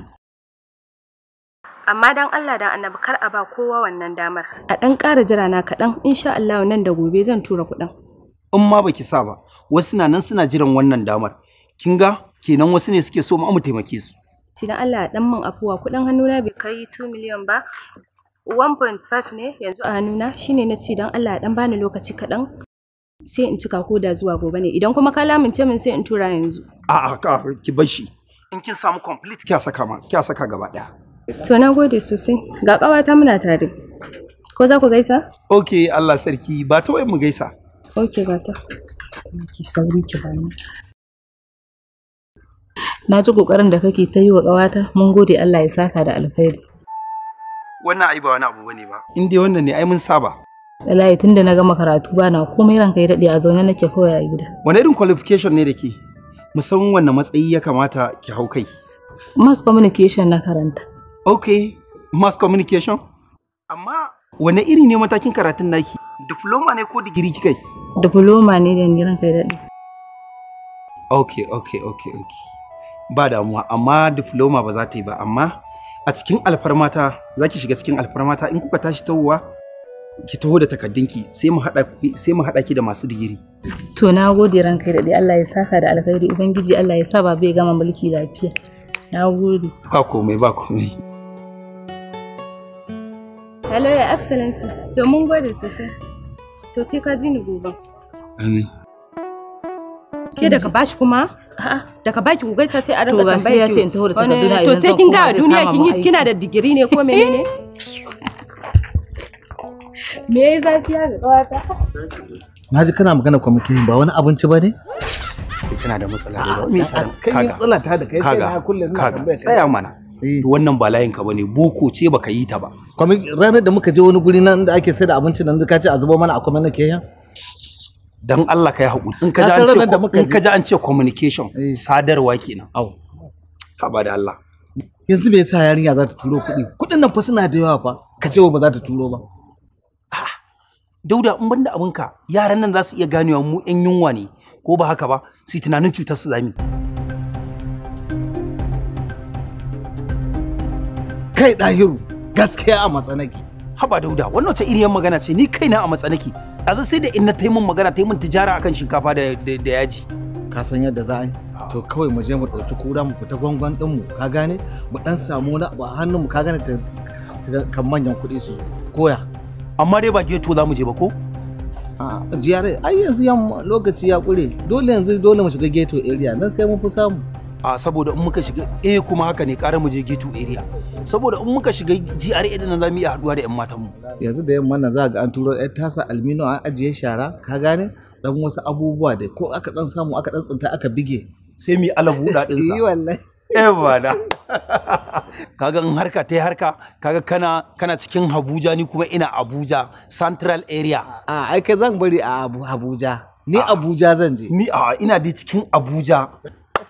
amma dan Allah dan annabi kar a ba kowa wannan damar a ɗan ƙara jira na kaɗan insha Allah nan da gobe zan tura kuɗin. in ma baki sa ba wasu na nan suna jiran wannan damar kin ga kenan wasu ne suke so mu taimake su ci dan Allah dan min afuwa kuɗin hannuna bai kai 2 million ba 1.5 ne yanzu a hannuna shine na ce dan Allah dan bani lokaci kaɗan sai in cika ko da zuwa gobe ne idan kuma ka lamince min sai in tura yanzu a'a ka ki bashi in kin samu complete kya saka ma kya saka gaba daya to na gode sosai ga ƙawata muna tare ko za ku gaisa okay Allah sarki ba ta wai mu gaisa okay ba ta ki sauri ki bani na ji ƙoƙarin da kake ta yi wa ƙawata mun gode Allah ya saka da alkhairi. Wannan ai ba wani abu bane ba. In dai wannan ne ai mun saba. Wallahi tun da na gama karatu ba na komai ranka ya daɗe a zaune nake kawai a gida. Wani irin qualification ne da ke? Musamman wanne matsayi ya kamata ki hau kai? Mass communication na karanta. Ok, mass communication? Amma wane iri ne matakin karatun naki? Diploma ne ko digiri kika yi? Diploma ne da ni ranka ya daɗe. Okay, ok, ok, ok. ba damuwa amma diploma ba za ta yi ba amma a cikin alfarmata za ki shiga cikin alfarmata in kuka tashi tawowa ki taho da takaddunki sai mu haɗa sai mu haɗa ki da masu digiri to na gode ranka da dai Allah ya saka da alkhairi ubangiji Allah ya sa ba bai gama mulki lafiya na gode ba komai ba komai hello your excellency to mun gode sosai to sai ka ji ni gobe amin ke daga bashi kuma daga baki ku gaisa sai a rinka tambayar ki to gashi ya ce in taho da takarduna to sai kin ga duniya kin yi kina da digiri ne ko menene me yayi zafi ya ga kawata na ji kana magana kuma kwamitin ba wani abinci ba ne eh, kana da matsala da me yasa kaga matsala ta da kai sai na kullum na sai tsaya mana eh. wannan ba layin ka bane boko ce baka yi ta ba kuma ranar da muka je wani guri nan da ake sai da abinci nan ka ce a zubo mana a kuma nake ya dan Allah ka yi haƙuri in ka ji an ce in ka ji an ce communication eh. sadarwa kenan au ba da Allah yanzu me yasa yarinya za ta turo kuɗi kuɗin nan fa suna da yawa fa ka ce ba za ta turo ba dauda in banda abinka yaran nan za su iya ganewa mu yan yunwa ne ko ba haka ba su tunanin cutar su zami kai ɗahiru gaskiya a matsanaki haba dauda wannan ta iriyan magana ce ni kaina a matsa nake yanzu sai da in na taimun magana taimun tijara akan shinkafa da da yaji ka san yadda za a yi ah. to kawai mu je mu ɗauki kura mu fita gwangwan din mu ka gane mu dan samu na ba hannun mu ka gane ta kan manyan kuɗi su koya amma dai ba geto za mu je ba ko jiyarai ai yanzu yan lokaci ya ƙure dole yanzu dole mu shiga geto area nan sai mun fi samu a saboda in muka shiga eh kuma haka ne ƙara mu je gitu area saboda in muka shiga GRA din nan zamu iya haduwa da yan matan mu yanzu da yamma nan za ga an turo ɗan tasa almino an ajiye shara ka gane dan wasu abubuwa da ko aka dan samu aka dan tsinta aka bige sai mu alabu din sa eh wallahi eh bada kaga in harka ta harka kaga kana kana cikin Abuja ni kuma ina Abuja central area a ai kai zan bari a Abuja ni Abuja zan je ni a ina da cikin Abuja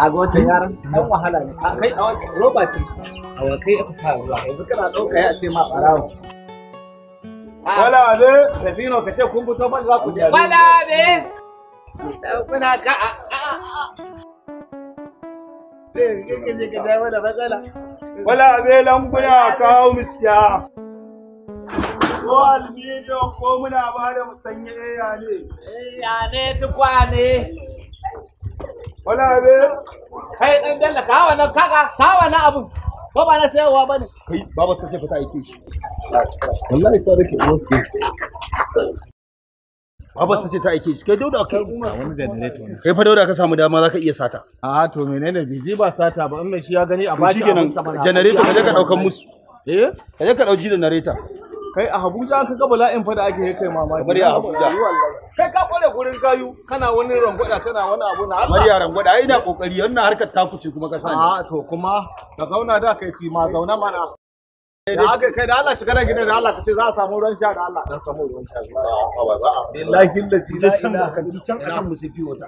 a gocin yaran dan mm-hmm. wahala ne kai a roba ce a wakai aka sa ruwa yanzu kana ɗauka ya ce ma barawo ah, wala be safino ka ce kun fito ba za ku je wala kuna ka a wala be languya kawo musiya ko albido ko muna ba da musanye ne eh, ya ne tukwane wala be kai dan dalla ka wannan kaka, ka wannan abun ko ba na sayarwa bane kai baba sai fita aike shi wallahi sai rake uwan su baba sai ta aike shi kai dauda kai wani generator ne kai fa dauda ka samu dama zaka iya sata Ah to menene biji ba sata ba in shi ya gani a bashi abun sa ba generator ka je ka daukan eh? musu eh ka je ka dauki generator kai a Abuja ka ga bala'in fa da ake yi kai mamaki kamar ya Abuja kai ka kware gurin gayu kana wani rangwada kana wani abu na Allah Mariya rangwada ai ina kokari wannan harkar ta kuce kuma ka sani a ah, to kuma ka zauna da kai ci ma zauna mana eh, da haka kai da Allah shekara gidan da Allah ka ce za a samu ruwan sha da Allah dan samu ruwan sha ah, billahi lazi la ilaha kan can a can musufi wata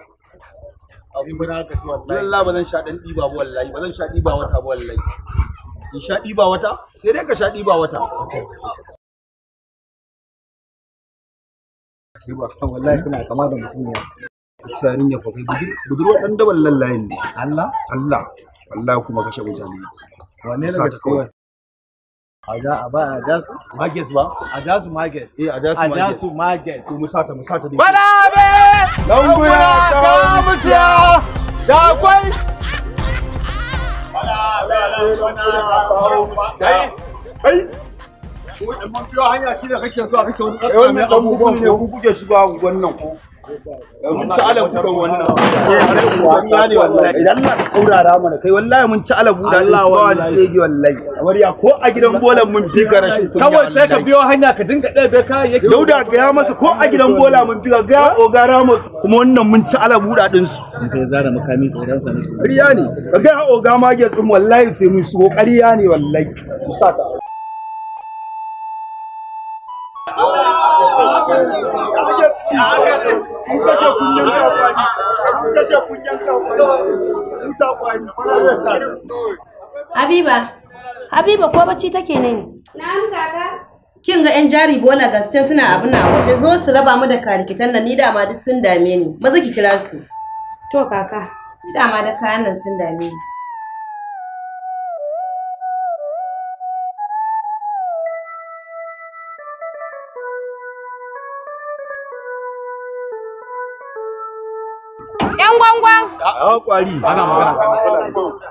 abin bana ka ci wallahi wallahi ba zan sha dan diba ba wallahi ba zan sha diba wata ba wallahi in sha ɗiba wata sai dai ka sha ɗiba wata Riba kan wallahi suna kama da mutum ya. Ita yarinya fa budurwa dan daban lallayin ne. Allah? Allah. Allah kuma kashe mutane. Wanne ne ga kawai? Aja a ba a jasu? Magis ba? A jasu magis. Eh a su magis. A jasu magis. Ku musata musata ne. Balabe! Dan guya ta musiya. Da akwai. Balabe dan guya musiya. Mun biyo hanya shi da kake zuwa kake wani ƙasa. ɗan bukun ne ku wannan ko. Mun ci ala buɗe wannan. Wasa Idan Allah ka saurara mana kai wallahi mun ci ala buɗe Allah sai gi wallahi. ko a gidan mun ka biyo hanya ka dinga ɗebe kayayyaki. Dauda gaya masa ko a gidan bola mun fi ka gaya ogara masa kuma wannan mun ci ala buɗa ɗin su. Ka sa ne. Ƙarya ne. Ka gaya oga mage wallahi sai mun shigo ƙarya ne wallahi. Habiba, Habiba ko bacci take ne? Na'am kaka. Kin ga 'yan jari bola gaske suna abu na waje zo su raba mu da karikitan nan ni dama duk sun dame ni. Maza ki kira su. To kaka. Ni dama da kayan nan sun dame ni. a kwari ana magana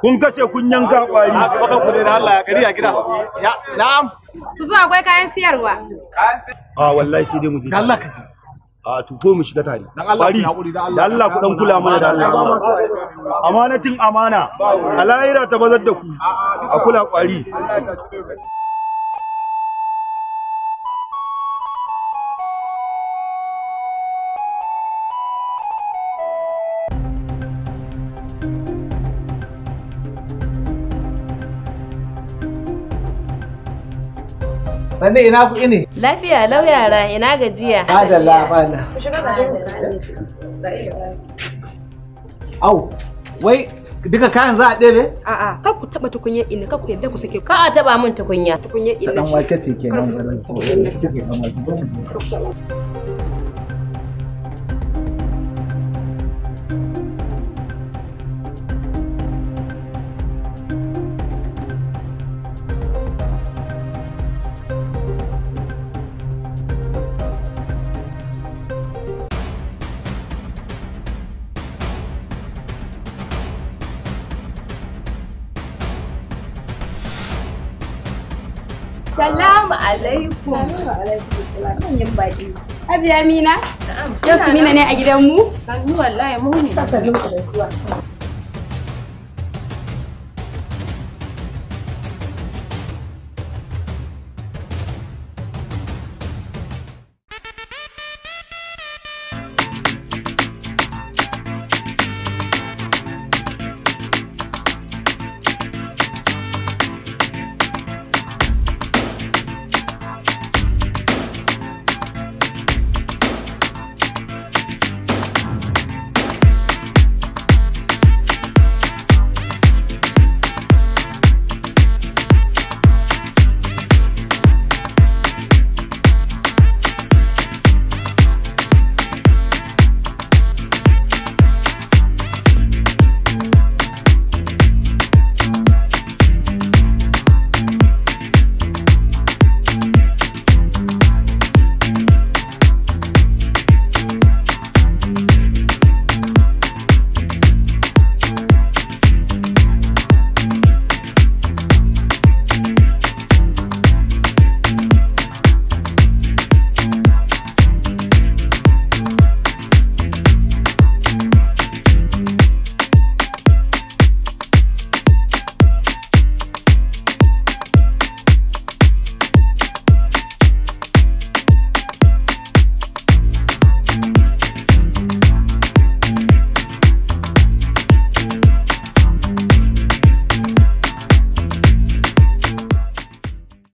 kun kashe kun yanka kwari a ku da Allah ya gida ya na'am ku zo akwai kayan siyarwa a wallahi sai dai mu Allah ka ji a mu shiga tare da Allah ku dan kula mana da Allah amanatin amana a ta bazar da ku a kula kwari Sani ina ku ini? Lafiya lau yara ina gajiya. Adalla bana. Au, wai duka kayan za a ɗebe? A'a, kar ku taɓa tukunyar ini, kar ku yadda ku sake. Ka a taɓa min tukunya. Tukunyar ini. Ta ɗan wake ce kenan. alaikum Amina, manyan yau su mina ne a gidanmu sannu wallahi mu